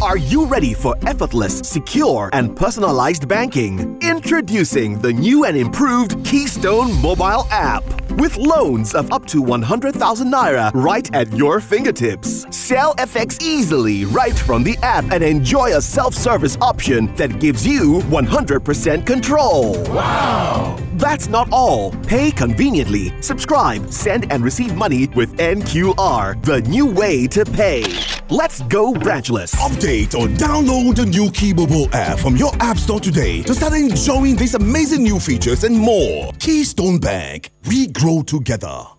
Are you ready for effortless, secure, and personalized banking? Introducing the new and improved Keystone mobile app with loans of up to 100,000 naira right at your fingertips. Sell FX easily right from the app and enjoy a self service option that gives you 100% control. Wow! That's not all. Pay conveniently. Subscribe, send, and receive money with NQR, the new way to pay. Let's go branchless. Update or download the new Keybubble app from your App Store today to start enjoying these amazing new features and more. Keystone Bank we grow together.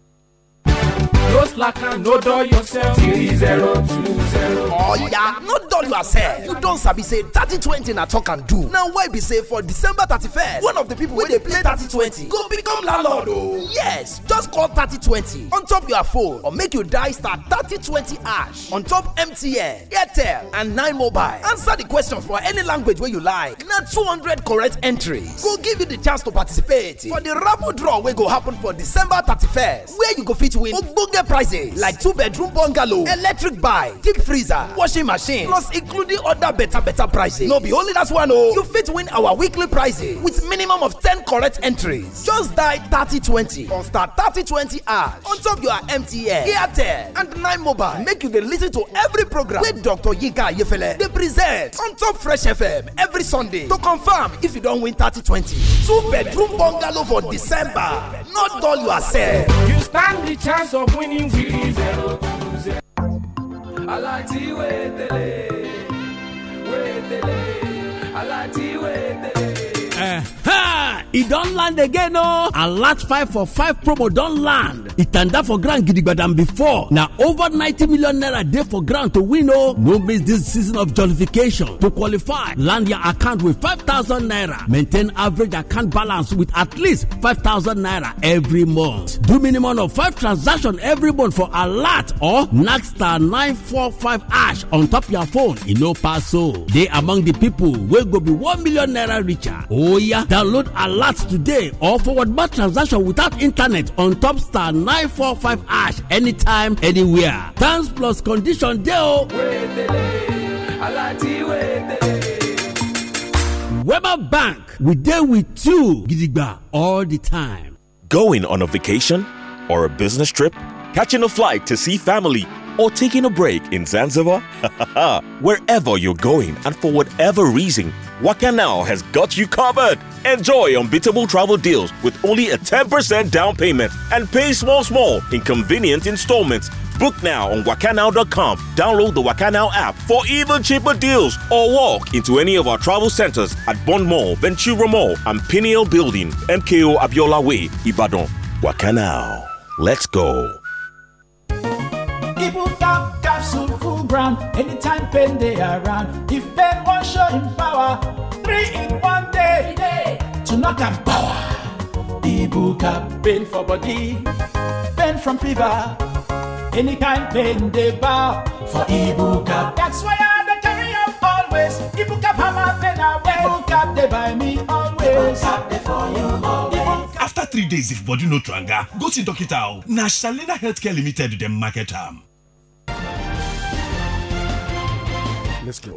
No slack and no dull yourself. Three zero two zero. Oh yeah, no dull yourself. You don sabi say thirty twenty na talk and do. Now why be say for December thirty first, one of the people wey dey play thirty twenty go become landlord o. Oh. Yes, just call thirty twenty on top your phone or make you die star thirty twenty hash on top MTN, Airtel and Nine Mobile. Answer the question for any language wey you like. Na two hundred correct entries go give you the chance to participate for the raffle draw wey go happen for December thirty first, where you go fit which win ogbonge prizes like two bedroom bungalow electric bike deep freezer washing machine plus including other better better prizes no be only that one o oh. you fit win our weekly prizes with minimum of ten correct entries just die thirty twenty on star thirty twenty ash on top your mtn airtel and nine mobile make you dey lis ten to every program wey dr yinka ayefele dey present on top fresh fm every sunday to confirm if you don win thirty twenty two bedroom bungalow for december no dull yourself. you stand the chance of winning three zero two zero. 0 to 0. Alati wetele, wetele, Alati wetele. Uh, ha! E don land again, oh! Alat 5 for 5 promo don't land. Itanda for ground gidigba than before. Na over 90 million naira dey for ground to win o. Oh. No miss this season of jollification. To qualify, land your account with 5,000 naira. Maintain average account balance with at least 5,000 naira every month. Do minimum of five transactions every month for alert or Nagstar 945 ash on top your phone. E no pass so. Oh. Dey among the people wey go be one million naira richer. Oya, oh, download alert today or forward bad transaction without internet on top star 9 945 ash anytime anywhere thanks plus condition deo. Weber Bank, we deal with you gidigba all the time. Going on a vacation or a business trip, catching a flight to see family, or taking a break in Zanzibar, [LAUGHS] wherever you're going and for whatever reason Waka Now has got you covered. Enjoy unbeatable travel deals with only a 10% down payment and pay small, small in convenient installments. Book now on wakanow.com. Download the Wakanow app for even cheaper deals or walk into any of our travel centers at Bond Mall, Ventura Mall, and Pineal Building, MKO Abiola Way, Ibadan. Wakanow. Let's go. People full ground anytime they around. If one in power. Three in one day. To knock and power. Ibuka pain for body, pain from fever. Any kind pain they bow for Ibuka. That's why I the carry up always. Ibuka hammer pain away. Ibuka they buy me always. Ibuka they always. After three days, if body no tranga, go see doctor. Oh. Na Shalina Healthcare Limited, them market am.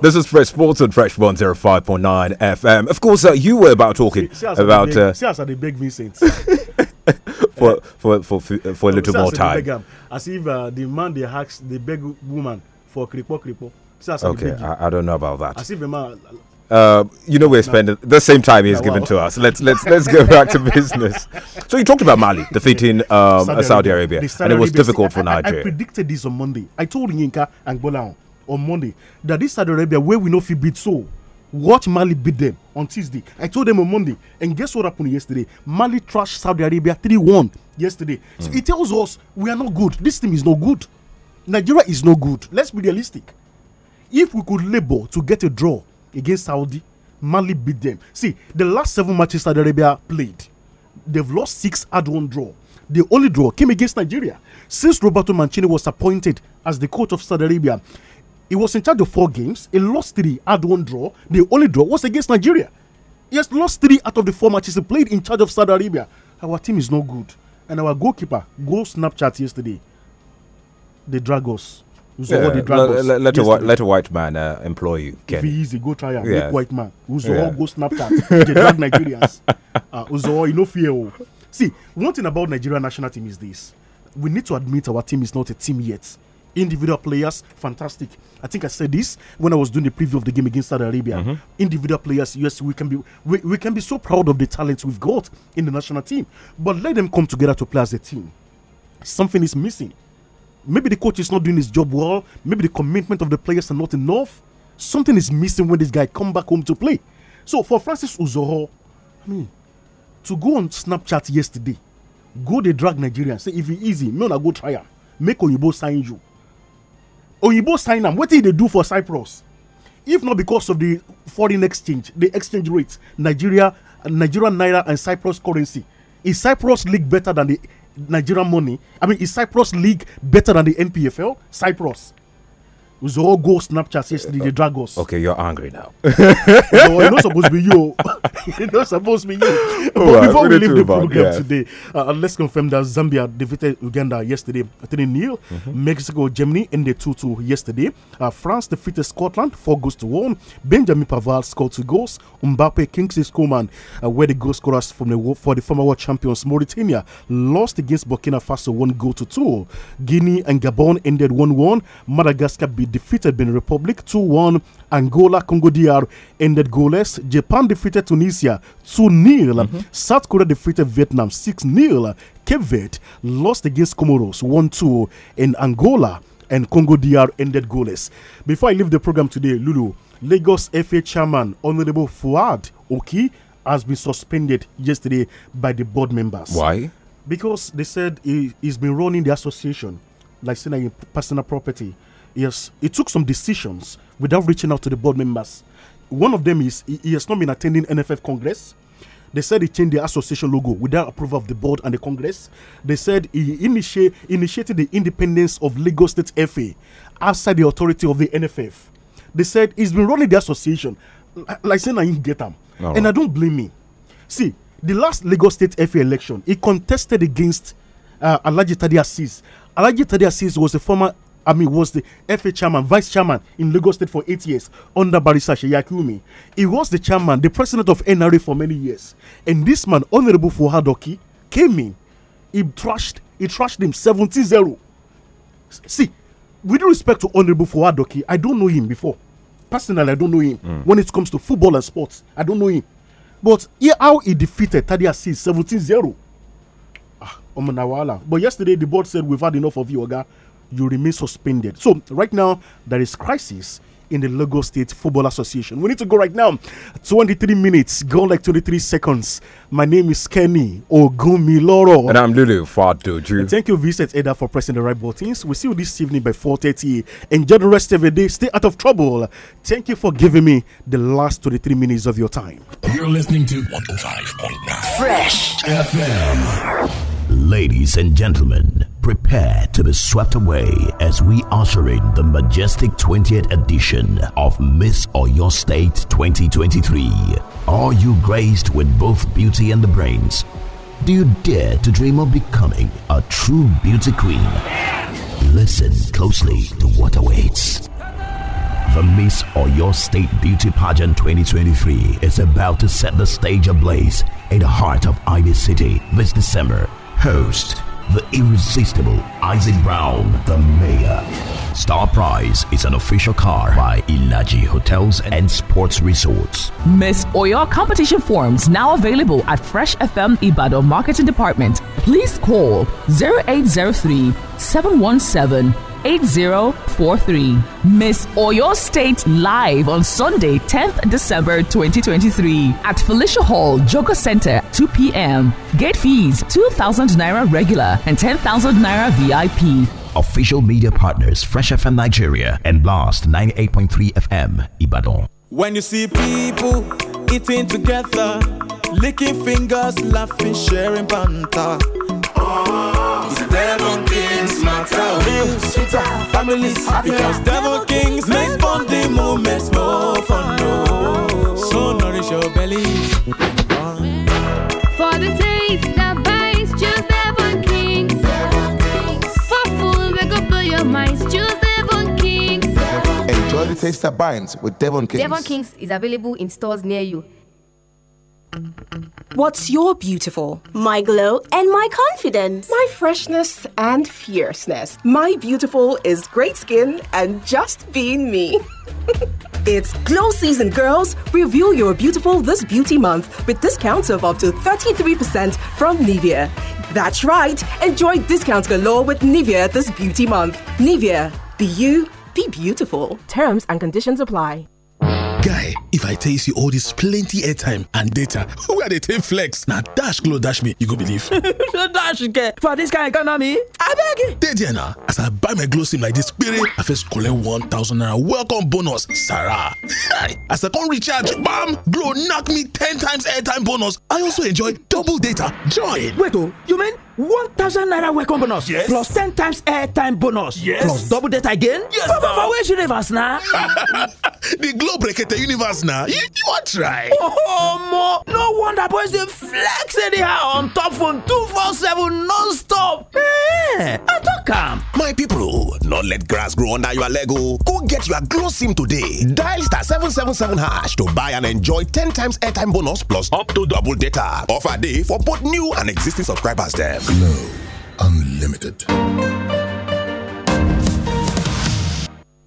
This is Fresh Sports on Fresh 105.9 FM. Of course, uh, you were about talking see, see about. Beg, uh, see us at the big Vincent. [LAUGHS] for, for, for, for a little more time. Um, as if uh, the man they hacks the big woman for Kripo Kripo. Okay, I, I, don't know about that. As if man. Uh, you know we're spending the same time he's given to us. Let's let's let's go back to business. [LAUGHS] So you talked about Mali defeating um, Saudi, Saudi, Arabia, Saudi and it was Arabia. difficult See, for Nigeria. I, I, predicted this on Monday. I told Yinka and Bolan on Monday that this Saudi Arabia, where we know if beat so, watch Mali beat them on Tuesday. I told them on Monday. And guess what happened yesterday? Mali trashed Saudi Arabia 3 1 yesterday. Mm. So hmm. it tells us we are not good. This team is not good. Nigeria is not good. Let's be realistic. If we could labor to get a draw against Saudi, Mali beat them. See, the last seven matches Saudi Arabia played, they've lost six, had one draw. The only draw came against Nigeria. Since Roberto Mancini was appointed as the coach of Saudi Arabia, he was in charge of four games. He lost three, had one draw. The only draw was against Nigeria. He has lost three out of the four matches he played in charge of Saudi Arabia. Our team is not good. And our goalkeeper, go Snapchat yesterday, they drag us. let, let, a white, let, a white, man uh, employ you. Kenny. If he is a go try and yes. make white man. Uzo yeah. go Snapchat. they drag [LAUGHS] Nigerians. Uh, Uzo, you know fear. Oh. See, one thing about Nigeria national team is this: we need to admit our team is not a team yet individual players, fantastic. I think I said this when I was doing the preview of the game against Saudi Arabia. Mm -hmm. Individual players, yes, we can be we, we can be so proud of the talents we've got in the national team. But let them come together to play as a team. Something is missing. Maybe the coach is not doing his job well. Maybe the commitment of the players are not enough. Something is missing when this guy come back home to play. So for Francis Uzoro, I mean, to go on Snapchat yesterday, go they drag Nigeria say if he easy, no, I go try him. Make both sign you oyibo sign am wetin e dey do for cyprus if not because of the foreign exchange the exchange rate nigeria nigerian naira and cyprus currency is cyprus league better than the nigerian money i mean is cyprus league better than the npfl cyprus It's all go Snapchat yesterday. They uh, drag us. Okay, you're angry now. [LAUGHS] no, it's not supposed to be you. it's [LAUGHS] not supposed to be you. [LAUGHS] But well, before we leave the about, program yeah. today, uh, uh, let's confirm that Zambia defeated Uganda yesterday 3 0. Mm -hmm. Mexico, Germany ended 2 2 yesterday. Uh, France defeated Scotland 4 goals to 1. Benjamin Pavard scored two goals. Mbappe, Kingsley Schoolman, uh, Where the goal scorers from the, for the former world champions. Mauritania lost against Burkina Faso 1 goal to 2. Guinea and Gabon ended 1 1. Madagascar beat defeated Benin Republic 2 1. Angola, Congo DR ended goalless. Japan defeated Tunisia 2 0. Mm -hmm. South Korea defeated Vietnam 6 0. Cape Verde lost against Comoros 1 2. in Angola and Congo DR ended goalless. Before I leave the program today, Lulu, Lagos FA chairman, Honorable Fuad Oki, has been suspended yesterday by the board members. Why? Because they said he, has been running the association, like saying personal property Yes, he took some decisions without reaching out to the board members. One of them is he, he has not been attending NFF Congress. They said he changed the association logo without approval of the board and the Congress. They said he initiated the independence of Lagos State FA outside the authority of the NFF. They said he's been running the association like saying I didn't get No. And I don't blame him. See, the last Lagos State FA election, he contested against uh, Alaji Tadiasis. Alaji Tadiasis was a former I mean, was the FA chairman, vice chairman in Lagos State for eight years under Barisa Sheyakumi. He was the chairman, the president of NRA for many years. And this man, Honorable Fuhadoki, came in. He trashed, he trashed him 70 0. See, with respect to Honorable Fuhadoki, I don't know him before. Personally, I don't know him. Mm. When it comes to football and sports, I don't know him. But here, how he defeated Tadia C 17 0. Ah, But yesterday, the board said, We've had enough of you, Oga. Okay? you remain suspended. So right now there is crisis in the Lagos State Football Association. We need to go right now. 23 minutes, gone like 23 seconds. My name is Kenny Ogumiloro. And I'm Lulu Fadoju. Thank you, Vincent Eda, for pressing the right buttons. We'll see you this evening by 4.30. Enjoy the rest of your day. Stay out of trouble. Thank you for giving me the last 23 minutes of your time. You're listening to 105.9 Fresh FM. Ladies and gentlemen, Prepare to be swept away as we usher in the majestic 20th edition of Miss or Your State 2023. Are you graced with both beauty and the brains? Do you dare to dream of becoming a true beauty queen? Listen closely to what awaits. The Miss or Your State Beauty Pageant 2023 is about to set the stage ablaze in the heart of Ivy City this December. Host the irresistible Isaac Brown, the mayor. Star Prize is an official car by Ilaji Hotels and Sports Resorts. Miss Oyo competition forms now available at Fresh FM Ibado Marketing Department. Please call 0803 717 8043. Miss Oyo State live on Sunday, 10th December 2023 at Felicia Hall, Jogo Center, 2 p.m. Gate fees 2,000 naira regular and 10,000 naira VIP. Official media partners Fresh FM Nigeria and Blast 98.3 FM Ibadan. When you see people eating together, licking fingers, laughing, sharing banter, oh, it's matter Real families Because devil kings bonding moments more fun no. So nourish your belly For the taste that Choose devil kings For food your minds Choose devil kings Enjoy the taste that binds with Devon Kings. Devon Kings is available in stores near you. What's your beautiful? My glow and my confidence. My freshness and fierceness. My beautiful is great skin and just being me. [LAUGHS] it's glow season, girls. Review your beautiful this beauty month with discounts of up to 33% from Nivea. That's right. Enjoy discounts galore with Nivea this beauty month. Nivea, be you, be beautiful. Terms and conditions apply. guy if i tell you see all this, plenty airtime and data Who are they? take flex now. dash glow dash me you go believe [LAUGHS] dash for guy economy again. Dey there na as I buy my glow sim like this kpere, I first collect one thousand naira welcome bonus sarah. [LAUGHS] as I come recharge bam glow knock me ten times airtime bonus. I also enjoy double data join. Wait oh, you mean one thousand naira welcome bonus yes. plus ten times airtime bonus yes. plus double data again. Yes, Papa, Papa, where's [LAUGHS] universe now? the break at the universe now. You, you wan try? Oh, mo, no wonder boys dey flex anyhow on top phone two four seven non-stop. Hey. Eh. talk My people, not let grass grow under your lego. Oh. Go get your Glo SIM today. Dial star 777 hash to buy and enjoy 10 times airtime bonus plus up to double data. Offer day for both new and existing subscribers Then Glow Unlimited.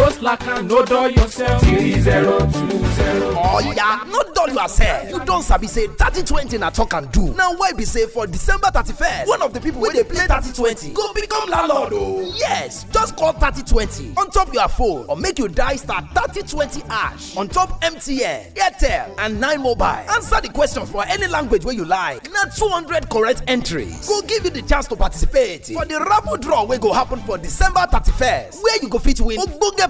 no slack and no door yourself. three zero two zero. Oh yeah, no dull yourself you don sabi say thirty twenty na talk and do Now why be say for december thirty first one of the people wey dey play thirty twenty go become landlord o. Oh? yes just call thirty twenty on top your phone or make you die star thirty twenty ash on top mtn airtel and nine mobile answer the question for any language wey you like na two hundred correct entries go give you the chance to participate for the raffle draw wey go happen for december thirty first where you go fit win ogbonge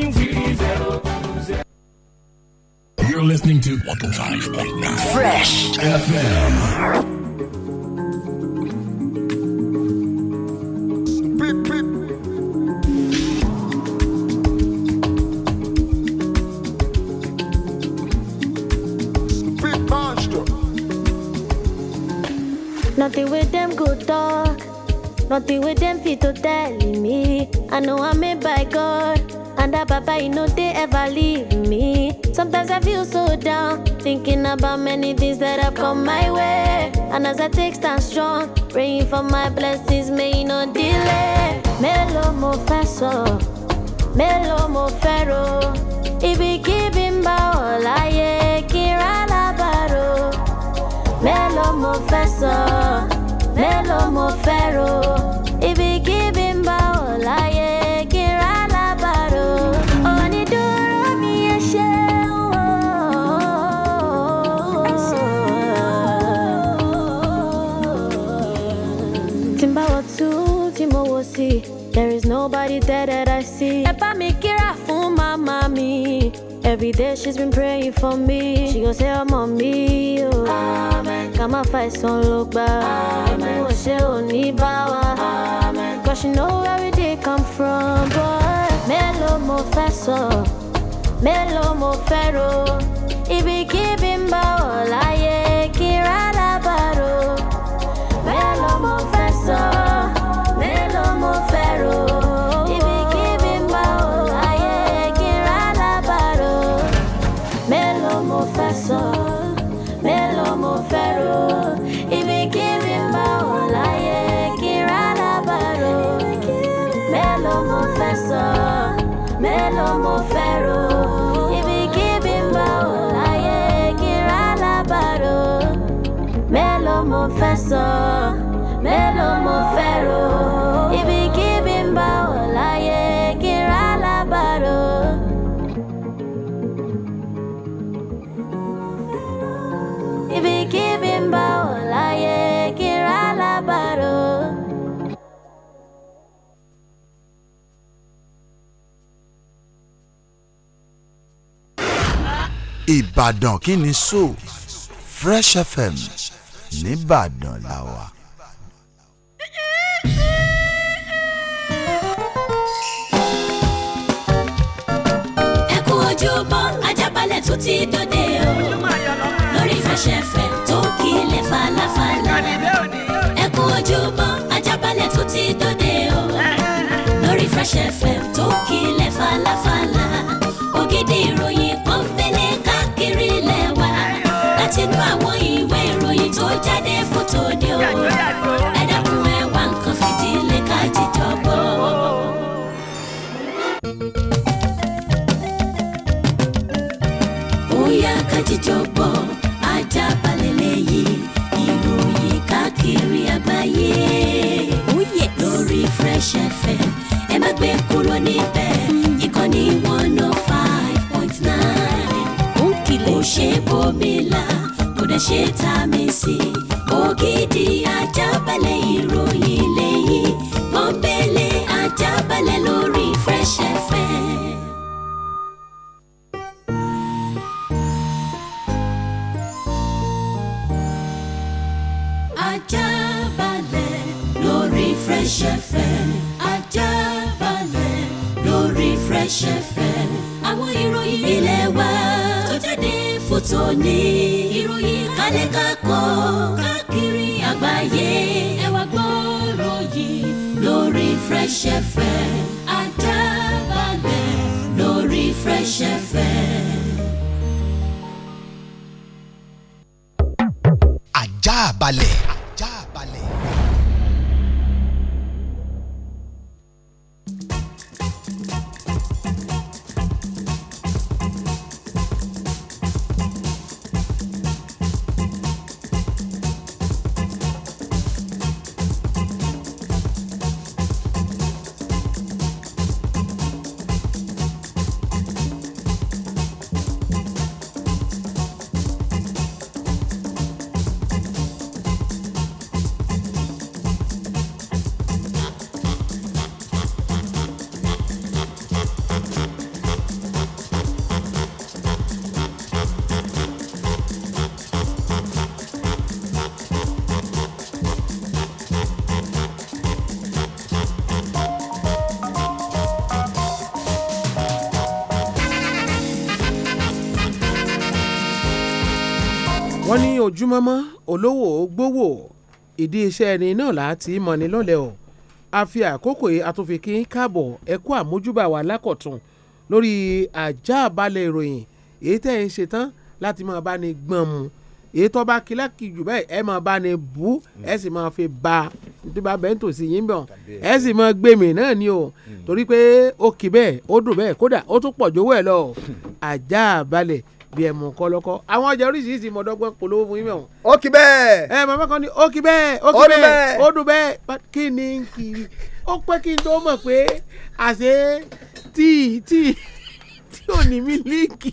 You're listening to Fresh FM. Nothing with them good talk, nothing with them fit to tell me. I know I'm made by God. And that papa, you know they ever leave me. Sometimes I feel so down, thinking about many things that have come my way. And as I take stand strong, praying for my blessings, may no delay. Melo mo faso, melo mo fero. Ibi kibimba ye kira labaro. Melo mo faso, melo mo fero. Ibi kibimba There is nobody there that I see. Epa kira fun my mommy. Every day she's been praying for me. She gon' say, oh, mommy, oh. Amen. Kama faison look back. Amen. Oh, she oni bawa. Amen. Cause she know where we did come from, boy. Melo mo feso. Melo mo fero. Ibi kibimba olai. Ìbàdàn kí ni so Fresh FM nìbàdàn la wà. ẹ kú ojúbọ Ajábalẹ̀ tó ti dòde o lórí Fresh FM tó kílẹ̀ falafala ẹ kú ojúbọ Ajábalẹ̀ tó ti dòde o lórí Fresh FM tó kílẹ̀ falafala ògidì ìròyìn. sínú àwọn ìwé ìròyìn tó jáde fún tòde o ẹ dákun ẹ wá nǹkan fìdílé ká jíjọ gbọ́. bóyá ká jíjọ gbọ́ ajá balẹ̀ lẹ́yìn ìròyìn káàkiri àgbáyé oh, lórí Fresh FM ẹ má gbé kúrò níbẹ̀ ìkànnì one oh five point nine kò ṣe bómi la dẹ̀ ṣe tá a mi sí. ògidì ajábalẹ̀ ìròyìn lẹ́yìn pọ́npẹ́lẹ́ ajábalẹ̀ lórí Fresh FM. ajábalẹ̀ lórí Fresh FM ajábalẹ̀ lórí Fresh FM àwọn ìròyìn ilé wa tó jáde fún tòní jáde kákó káàkiri àgbáyé ẹ wá gbọ́rọ̀ yìí lórí Fresh FM Ajaabale lórí Fresh FM. Ajaabale. ojúmọ́mọ́ olówó gbówó ìdí iṣẹ́ ẹni náà là á ti mọ̀ni lọ́lẹ̀ o a fi àkókò yìí a tún fi kí n káàbọ̀ ẹ kú àmójúbà wa lákọ̀tún lórí àjà àbálẹ̀ ìròyìn èyí tẹ́ ẹ ń ṣe tán láti máa bá ní gbọ́n mu èyí tó bá kíláàkì jù bẹ́ẹ̀ ẹ máa bá ní bú ẹ sì máa fi ba tó bá bẹ́ẹ̀ tòsí yín bẹ̀ ẹ sì máa gbèmí náà ni o torí pé ó kì bẹ́ẹ̀ ó dùn bẹ́ẹ̀ kódà ó tún pọ̀ jówó ẹ̀ lọ àjà àbálẹ̀ bí ẹ mú un kọ́ lọ́kọ́ àwọn ọjà oríṣiríṣi mọ̀ọ́dọ́gbọ́n polówó fún yín mẹ́wọ̀n. ó kì bẹ́ẹ̀. ẹ màmá kan ní ó kì bẹ́ẹ̀ ó kì bẹ́ẹ̀ ó dùn bẹ́ẹ̀ kí ni kiri ó pẹ́ kí n tó mọ̀ pé àṣé tíì tíì tí ò ní mílíkì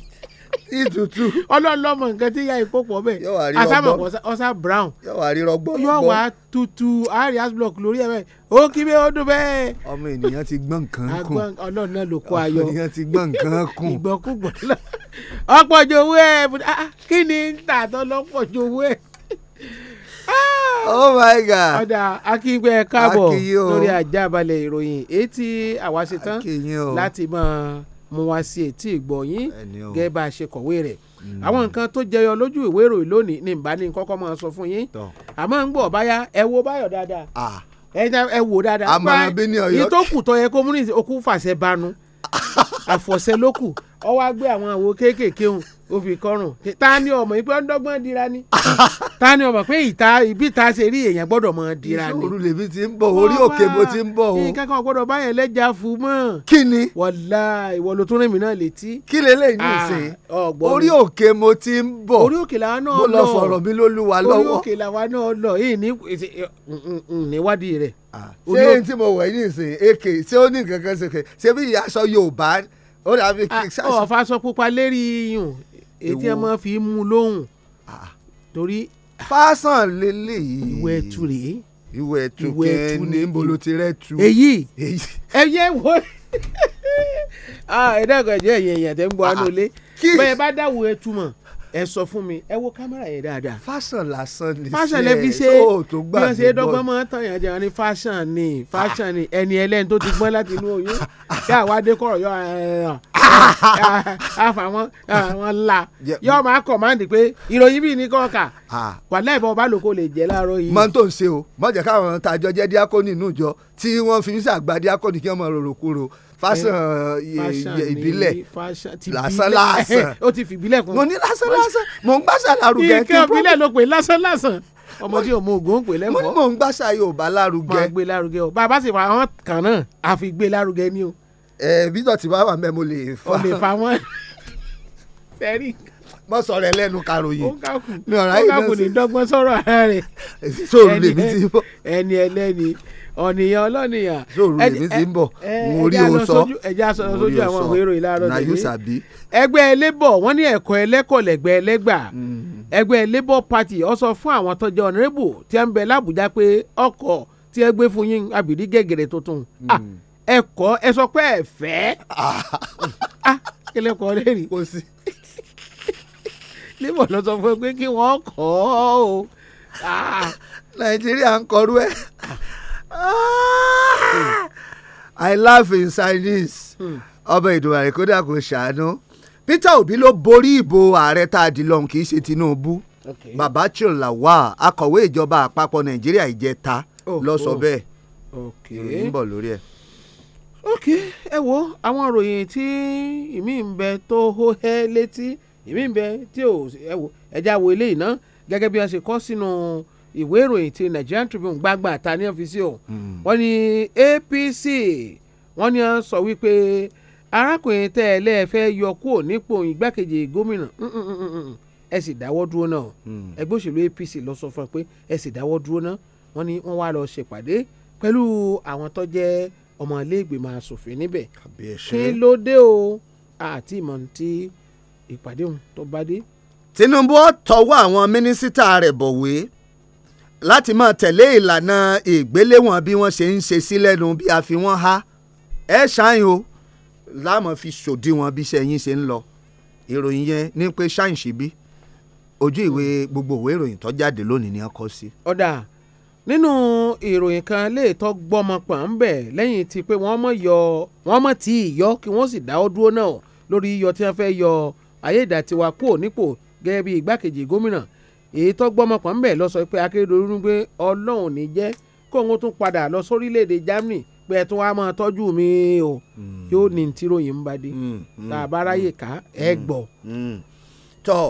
tí tutù. ọlọ́run lọ́mọ nǹkan tí ya ìkópọ̀ bẹ́ẹ̀ asámọ̀ ọ̀sá brown. yóò wá rírọ gbọ́. yóò wá tutù ari asblock lórí ẹ̀ bẹ́ẹ̀ ó kí bẹ́ẹ̀ ó dún bẹ́ẹ̀. ọmọ ènìyàn ti gbọ́n nǹkan kún. ọlọ́run náà ló kó ayọ̀ ọmọ ènìyàn ti gbọ́n nǹkan [LAUGHS] kún. ìgbọ́kúgbọ́ ọ̀pọ̀ jòwó ẹ̀ ah, ah, kí ni ń tà tọ́ lọ́pọ̀ jòwó ẹ̀ ah! oh my god. ọ̀dà akíngbẹ́ káàbọ̀ lórí àjábalẹ̀ ìròyìn etí àwa ṣetán láti máa mú wá sí etí ìgbọ́ yín gẹ́gẹ́ bá a ṣe kọ̀wé rẹ̀ hmm. àwọn nǹkan tó jẹyọ lójú ìwé ìròyìn lónìí ni nbà ní kọ́kọ́ máa sọ fún yín àmọ́ ń gbọ́ báyà ẹ wo báyọ̀ dáadáa ẹ wò dáadáa àmàràn bí ní ọ̀yọ́ yìí tó kù tó yẹ kó múnìsì okú fàṣẹ banu [LAUGHS] àfọ̀ṣẹ ló kù ọ gbé àwọn àwo kéékèèké hùn òbí kọrùn ta ni ọmọ yìí pé ọdọgbọn dira ni [LAUGHS] ta ni ọmọ pé ìta ibi ta ṣe rí èèyàn gbọ́dọ̀ mọ dira ni. ìṣòro lèmi ti ń bọ̀ orí òkè mo ti ń bọ̀ o. nǹkan kan gbọ́dọ̀ báyẹn lẹ́jà fún mọ́. kí ni. wàlá ìwọ ló tún rìn mí náà létí. kí leléyìí ní ìsìn ah, orí òkè mo ti ń bọ̀ orí òkè làwa náà lọ mo lọ fọ̀rọ̀ mi lólúwa lọ́wọ́ orí òkè làwa náà lọ èyí ní rẹ̀. Ah, ṣé èyí tí mo wọ̀ yìí ní ìsìn èkè ṣé ó ní nǹkan kan ṣe ṣe bí aṣọ Yorùbá ó dàbí kí. Ah, pupa lérí iyùn etí ẹ máa fi mú lóhùn ah. torí. fásán lélẹ́yìí. ìwé ẹtù rèé. ìwé ẹtù kẹ́ẹ́ ní bolo ti rẹ́ tu. èyí ẹyẹ wo ẹ̀dá ẹ̀kọ́ ẹ̀jẹ̀ tẹ́ ń bọ̀ ánú ilé bẹ́ẹ̀ bá dáwọ́ ẹtù mọ̀ ẹ sọ fún mi ẹ wo kámẹ́rà yẹn dáadáa. fashion lásán ni fashion lè fi ṣe bí wọ́n ṣe dọ́gbọ́n mọ́ tán yẹn jẹun ni fashion ni fashion ni ẹni ẹlẹ́ni tó ti gbọ́n láti inú oyún bí àwa dé kọ̀rọ̀ yọ àfàwọn àwọn ńlá yọ máa kọ̀mándì pé ìròyìn bíi ní kọ́ọ̀kà wàhálà ìbọn ọba lóko lè jẹ́ láàárọ̀ yìí. mọ́tò ń ṣe o mọ̀jẹ̀ káwọn tajọ jẹ́ díákónì nù jọ tí wọ́n fi ń ṣàgbà díákónì kí wọ́n mọ̀ rorokoro fashion eh, eh, ìbílẹ̀ lásán lásán. o ti fi ìbílẹ̀ kún. mo ní lásán lásán mo ń gbàṣà lárugẹ. nǹkan ìbílẹ̀ ló pè lásán lásán ọmọ tí pè lẹ́kọ̀ọ́. mo ní mò ń gbàṣà Yorùbá lárugẹ. mo gbé lárugẹ o bàbá sì wà àwọn kan náà àfi gbé lárugẹ ni o. ẹ eh, bí dọ̀tí bá wà mẹ́ mo lè fa. o lè wọn. fẹ́rí nǹkan mọ sọ̀rọ̀ ẹlẹ́nu karòyìn ní ọ̀rá yìí náà ọkàkùn ní dọ́gbọ́n sọ̀rọ̀ ara rẹ̀ sóòrù lèmi ti bọ̀ ẹni ẹlẹ́ni ọ̀nìyàn ọlọ́nìyàn sóòrù lèmi ti ń bọ̀ mo rí o sọ ẹja sọ sójú àwọn òwe ìròyìn láàárọ̀ tèmi ẹgbẹ́ labour wọ́n ní ẹ̀kọ́ ẹlẹ́kọ̀ lẹ́gbẹ́ ẹlẹ́gbà mm. ẹgbẹ́ labour party ọ sọ fún àwọn tọ́jú ọ̀nàrẹ́bù tí ń bẹ lábújá pé ọkọ̀ tí ẹ gbé fún yín àbìrí gẹ̀gẹ̀rẹ̀ tuntun mm. ah, ẹ̀kọ́ ẹ sọ pé ẹ̀fẹ́ [LAUGHS] ah, kílẹ̀ kọ́ lẹ́rìí kò sí níbo ló sọ fún ẹ pé kí wọ́n kọ́ o. Ah. nàìjíríà ń kọrú ẹ. Ah. I love in silence. Hmm. ọba ìdùnnú àríkódà kò ṣàánú. Peter Obi ló borí ìbò ààrẹ tá a di lọ́hùn kì í ṣe Tinubu. Babachir Lawal akọ̀wé ìjọba àpapọ̀ Nàìjíríà ìjẹta lọ sọ bẹ́ẹ̀. ìròyìn ń bọ̀ lórí ẹ̀. ok ẹ wo àwọn ìròyìn tí ìmí ń bẹ tó hó hẹ́ létí èmi ń bẹ tí ò ẹwò ẹjẹ àwọ eléyìí ná gẹ́gẹ́ bí wọ́n ṣe kọ sínú ìwé ìròyìn ti Nigerian Tribune gbangba ta ní ọ́fíìsì o hmm. wọ́n ní APC wọ́n ní wọ́n sọ wípé arákùnrin tẹ́ ẹ lẹ́ẹ̀fẹ́ yọ kúrò nípò igbákejì gómìnà hmm, hmm, ẹ sì dáwọ́ dúró náà ẹgbẹ́ òṣèlú APC lọ sọ fún ẹ pé ẹ sì dáwọ́ dúró náà wọ́n ní wọ́n wá lọ ṣèpàdé pẹ̀lú àwọn tó jẹ́ ọmọ iléègbèmọ̀ asòfin níbẹ̀ kí ló dé o àti ìmọ̀ tí. Ah, ìpàdé òun tó bá dé. Tinubu tọwọ́ àwọn mínísítà rẹ̀ bọ̀wé láti máa tẹ̀lé ìlànà ìgbéléwọ̀n bí wọ́n ṣe ń ṣe sí lẹ́nu bí a fi wọ́n há ẹ ṣáàyàn o láàmú fi ṣòdiwọ̀n bí iṣẹ́ yín ṣe ń lọ ìròyìn yẹn ní pé ṣáàyàn ṣe bí ojú ìwé gbogbo ìwé ìròyìn tó jáde lónìí ni a kọ sí. ọ̀dà nínú ìròyìn kan léètọ́ gbọ́mọpọ̀ ń bẹ̀ lẹ́yìn ti pé wọ́n mọ̀ yọ wọ́n mọ̀ tí ì yọ kí wọ́n sì dáwọ́ dúró náà lórí yíyọ tí wọ́n fẹ́ yọ ayédàtiwa kúrò nípò gẹ́gẹ́ bí igbákejì gómìnà èyí tó gbọ́mọkàn ń bẹ̀ lọ sọ pé akérèdọ́lù ń gbé ọlọ́run ní jẹ́ kóun tún padà lọ sórílẹ̀‐èdè germany pé ẹ̀tún wa máa tọ́jú mi o hmm. yóò ní tìròyìn ń bá dé hmm. Hmm. tá a bá ráyè ká ẹ gbọ́. tọ́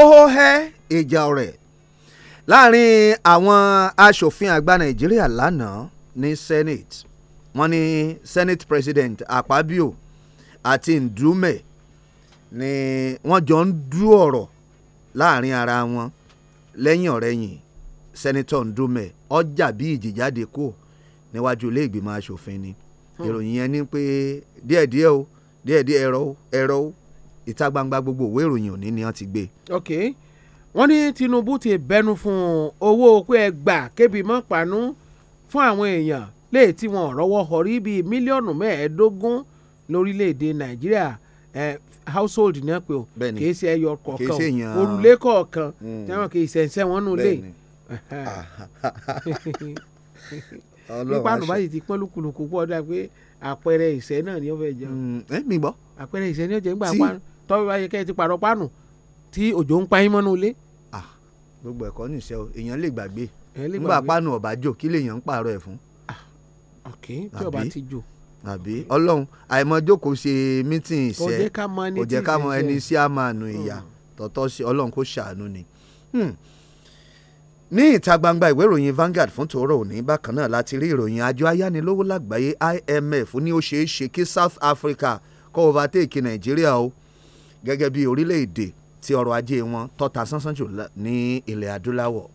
óhó hẹ́ ìjà ọ̀rẹ́ láàrin àwọn aṣòfin àgbà nàìjíríà lánàá ní senate wọ́n ní senate president akpabio àti ndume ni wọ́n jọ ń dú ọ̀rọ̀ láàrin ara wọn lẹ́yìn ọ̀rẹ́yìn sẹ́nitọ̀ Ndume ọjà bí ìjì jáde kò níwájú ilé ìgbìmọ̀ asòfin ni hmm. ìròyìn yẹn ni pé díẹ̀díẹ̀ o díẹ̀díẹ̀ ẹ̀rọ o ẹ̀rọ o ìta gbangba gbogbo òwe ìròyìn òní ni wọ́n ti gbé. ok wọ́n ní Tinubu ti bẹnu fún owó pé ẹ gbà kébi mọ́ pàánù fún àwọn èèyàn léè tí wọn rọ́wọ́ họrí bíi mílíọ̀nù mẹ́ẹ̀ẹ́dógún lórílẹ̀‐èdè Nàìjíríà household náà pé o kì í ṣe ẹyọ kọ̀ọ̀kan o òrùlé kọ̀ọ̀kan tí wọn kì í ṣẹ̀ṣẹ̀ hmm. wọn nù lé [LAUGHS] nípa àná báyìí ti pọ́n lùkùlùkù pọ̀ dà pé àpẹẹrẹ ìṣẹ́ náà ni ó fẹ́ jẹun. Hmm, ẹ mi gbọ́. àpẹẹrẹ ìṣẹ́ ni ó jẹ́ ń gbà pánù tọ́wọ́ báyìí kẹ́ ẹ ti pààrọ̀ pánù tí òjò ń pa mọ́nú ilé. Ah, gbogbo ẹ̀kọ́ nìṣẹ́ o èèyàn lè gbàgbé nígbà pánù ọ̀bájò kí lèèyàn ń pààrọ̀ ẹ̀ fún. Ah, ok tí ọba ti jò àbí ọlọ́run àìmọ̀jókòó ṣe mítìn ìṣe kò jẹ́ ká mọ ẹni sí àmàánú ìyá tọ́tọ́ sí ọlọ́run kò ṣàánú ni. Hmm. ní ìta gbangba ìwé ìròyìn Vanguard fún tòórọ́ òní bákan náà láti rí ìròyìn àjọ ayánilówó lágbàáyé IMF ní ó ṣeé ṣe kí South Africa kó overtake Nàìjíríà o gẹ́gẹ́ bí orílẹ̀-èdè tí ọrọ̀ ajé wọn tọ́ta sánsán jù ní ilẹ̀ adúláwọ̀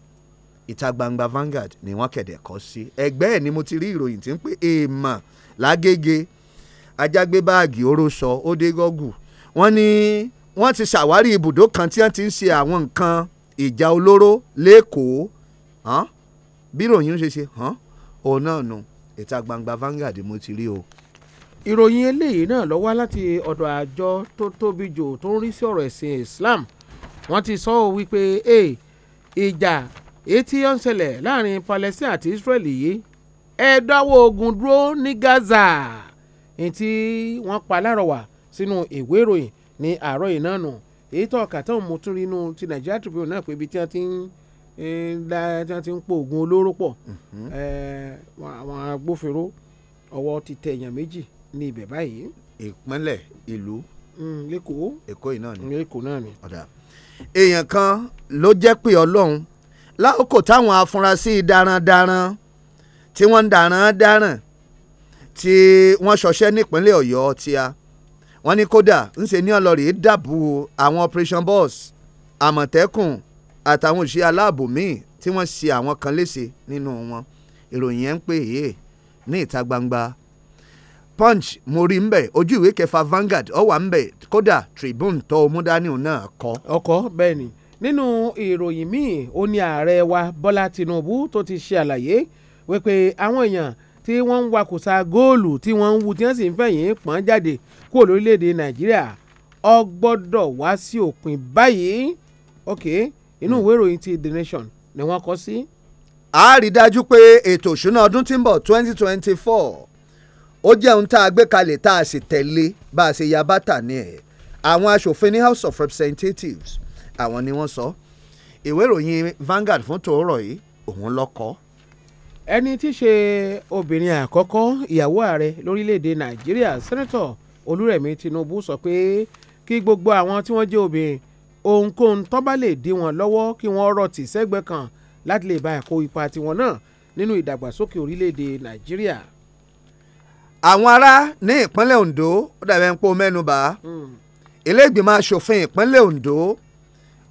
ìta gbangba Vanguard ni wọ́n kẹ̀dẹ̀ kọ́ sí ẹgbẹ́ ẹ̀ ni mo ti rí ìròyìn tí ń pè é mọ̀ lágége ajágbé báàgì orósọ ódégọ́gù wọ́n ní wọ́n ti ṣàwárí ibùdó kan tí wọ́n ti ń ṣe àwọn nǹkan ìjà olóró lẹ́kọ̀ọ́ bí ìròyìn ṣe ṣe òun náà nù ìta gbangba Vanguard mo ti rí o. ìròyìn eléyìí náà ló wá láti ọ̀dọ̀ àjọ tó tóbi jù tó ń rí sí ọ̀rọ̀ ẹ̀sìn Islam wọ́n ti sọ ọ́ wípé ìjà èyí tí ó ń ṣẹlẹ̀ láàrin Palestine àti Israel yìí ẹ dáwọ́ ogun dúró ní Gaza ní tí wọ́n pa lárọ̀wà sínú ìwé ìròyìn ní àárọ̀ yìí náà nù èyí tó ọ̀kà táwọn mo tún rí inú ti Nigeria Tribune náà pé ibi tí wọ́n ti ń eh, tí wọ́n ti ń po oògùn olóró pọ̀ mhm. eh, àwọn agbófinró ọwọ́ ti tẹ èèyàn méjì ní ibẹ̀ báyìí. ìpínlẹ̀ ìlú. Hmm, lẹ́kọ̀ọ́. èkó yìí náà ni. èkó náà ni. èèyàn kan ló jẹ́ pé ọlọ́run lákòókò táwọn afurasí darandaran tí wọ́n ń darán dáràn tí wọ́n ṣọṣẹ́ nípínlẹ̀ ọ̀yọ́ tíá wọ́n ní kódà ńṣe ní ọlọ́rìí dàbò àwọn operation boss àmọ̀tẹ́kùn àtàwọn òṣìṣẹ́ aláàbò míì tí wọ́n ṣe àwọn kan léṣe nínú wọn ìròyìn yẹn ń pè é ní ìta gbangba punch mo rí ń bẹ ojú ìwé kẹfà Vanguard ó wà ń bẹ kódà Tribune tó o mú dání òun náà kọ. ọkọ bẹ́ẹ̀ ni nínú ìròyìn míì ó ní ààrẹ wa Bọ́lá Tinubu tó ti ṣe àlàyé wípé àwọn èèyàn tí wọ́n ń wakùsà góòlù tí wọ́n ń wu tí wọ́n sì ń fẹ̀yìn pọ́n jáde kúrò lórílẹ̀‐èdè nàìjíríà ó wá sí òpin báyìí ok inú ìwé hmm. ìròyìn ti The Nation ni wọ́n kọ sí. a rí dájú pé ètò òṣùnà ọdún tí ń bọ̀ twenty twenty four ó jẹ́ ohun tá a gbé kalẹ̀ tá a sì tẹ̀lé bá a ṣe ya bàtà ní ẹ̀ àwọn aṣòfin ní House of Representatives àwọn ni wọ́n sọ ìwé ìròyìn Vanguard fún tòórọ̀ yìí òun lọ́kọ̀ọ́ ẹni tí í ṣe obìnrin àkọ́kọ́ ìyàwó ààrẹ lórílẹ̀‐èdè nàìjíríà sẹ́nẹ́tọ̀ olúrẹ̀mí tinubu sọ pé kí gbogbo àwọn tí wọ́n jẹ́ obìnrin ohunkóhun tó bá lè dí wọn lọ́wọ́ kí wọ́n rọ̀tì sẹ́gbẹ́ kan láti lè bá kó ipa tiwọn náà nínú ìdàgbàsókè orílẹ̀‐èdè nàìjíríà. àwọn ará ní ìpínlẹ̀ ondo ó dàbẹ̀ ń pò mẹ́nubà hmm. ilé ìgbìmọ̀ asòfin ìpínlẹ̀ ondo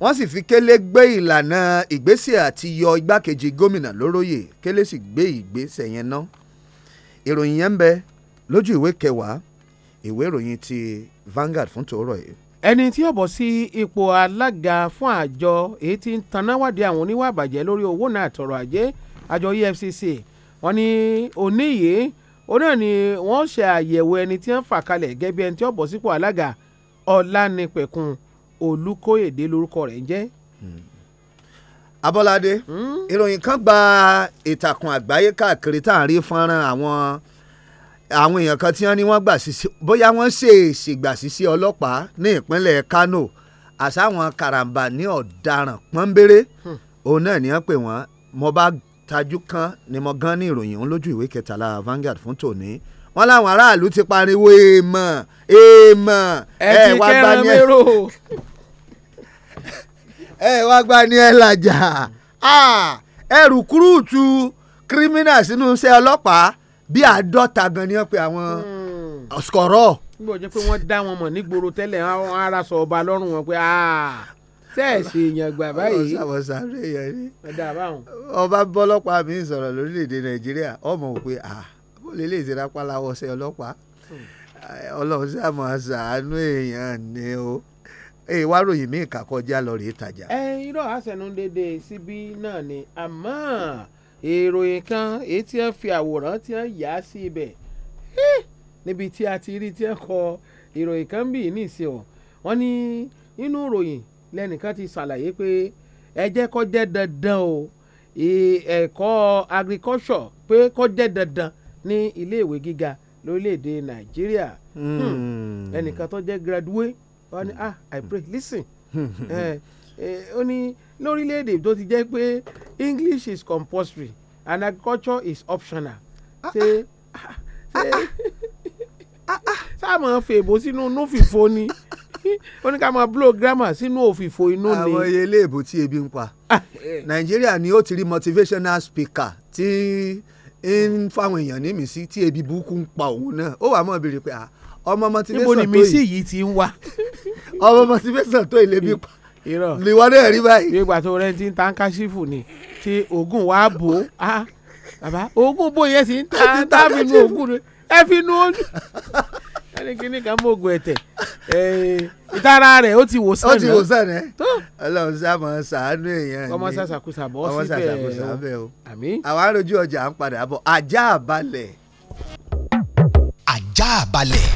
wọ́n sì fi kélé gbé ìlànà ìgbésẹ̀ àti yọ igbákejì gómìnà lóróyè kélé sì gbé ìgbésẹ̀ yẹn ná ìròyìn yẹn ń bẹ lójú ìwé kẹwàá ìwé ìròyìn ti Vanguard fún tòórọ̀ yìí. ẹni tí ó bọ̀ sí ipò alága fún àjọ èyí tí ń tanáwádìí àwọn oníwà àbàjẹ́ lórí owó náà àtọ̀rọ̀ ajé àjọ EFCC wọn ni òní yìí òun náà ni wọ́n ṣe àyẹ̀wò ẹni tí wọ́n fà kalẹ̀ gẹ́gẹ́ ẹni tí ó bọ̀ sípò alága Ọlánipẹ̀kun Olúkóyèdé lórúkọ rẹ̀ ń jẹ́. Hmm. Abọ́ládé hmm? ìròyìn kan gba ìtàkùn àgbáyé káàkiri tá à ń rí fọ́nrán àwọn àwọn èèyàn kan tí wọ́n ní wọ́n gbà sísí bóyá wọ́n ṣe ṣègbà sísí ọlọ́pàá ní ìpínlẹ̀ Kano àsáwọn karambà ní ọ̀daràn pọ́nbéré hmm. òun náà ni wọ́n pè wọ́n mo bá tajú kan ni mo gan ní ìròyìn òun lójú ìwé kẹtàlá Vanguard fún tòní wọ́n láwọn aráàlú ti pariwo èèmọ̀ èèmọ̀ ẹ wá gbá ní ẹ ẹ wá gbá ní ẹ làjà ẹrù kúrúùtù kírímínà sínú iṣẹ́ ọlọ́pàá bí àádọ́ta gan ni wọ́n pe àwọn hmm. skọ̀rọ̀. bí o jẹ́ pé wọ́n dá wọn mọ̀ nígboro tẹ́lẹ̀ àwọn ará sọ ọba lọ́rùn wọn pé tẹ́ẹ̀sì èèyàn báyìí. àwọn sáré yẹn ni ọba bọ́lọ́pàá mi sọ̀rọ̀ lórílẹ̀‐èdè nàìjíríà ọmọ wò pé ah kó lè lè ṣe rápá láwọ́ ṣe ọlọ́pàá hmm. ọlọ́run sàmọ́ ṣàánú èèyàn ni o èyí wá ròyìn mí ìka kọjá lọ rèé tajà. ẹ irọ́ àṣẹnudédé síbí náà ni àmọ́ ìròyìn kan èyí tí wọ́n fi àwòrán tí wọ́n yà á sí ibẹ̀ níbi tí a ti rí tí wọ́n kọ ìròyìn kan bíi ní ìsìn ọ̀ wọ́n ní nínú ìròyìn lẹ́nìkan ti ṣàlàyé pé ẹ jẹ́ kó jẹ́ dandan o ẹ̀kọ́ agriculture pé kó jẹ́ dandan ní iléèwé gíga lórílẹ̀‐èdè nàìjíríà hmm. ẹnìkan tó jẹ́ graduate wa ni ah i pray listen [LAUGHS] eh, eh, ó ní lórílẹ̀‐èdè tó ti jẹ́ pé english is compulsory and agriculture is optional ṣe ṣe sáà máa fèèbó sínú núfìfo ni [LAUGHS] ó ní ká máa blow grammar sínú òfìfo inú ni. àwọn iye iléèbó tí ebi ń pa ah. nàìjíríà ni ó ti rí motivational speaker tí ń fáwọn èèyàn ní mìísí tí ebi burúkú ń pa òun náà ó wà mọ́ béèrè pé ọmọ motivation tó yìí níbo ni mìísí yìí ti ń wá. ọmọ motivation tó ilé bí pa lèwọ́n náà rí báyìí. gbígbà tó rẹ ti ń ta káṣífù ni tí oògùn wa bò ó ah, bàbá oògùn bóyá ti ń ta tábìlì oògùn rẹ ẹ fi nu ojú kíní kan mú oògùn ẹ̀tẹ̀ eh, ìtara rẹ̀ ó ti wò sàn náà ó ti wò sàn náà ọlọ́run sábà sàánú èèyàn ni ọmọ sàṣàkóso àbọ̀ ọmọ sàṣàkóso àbẹ̀ o àwọn arójú ọjà ń padà bọ̀ ajá balẹ̀. ajá balẹ̀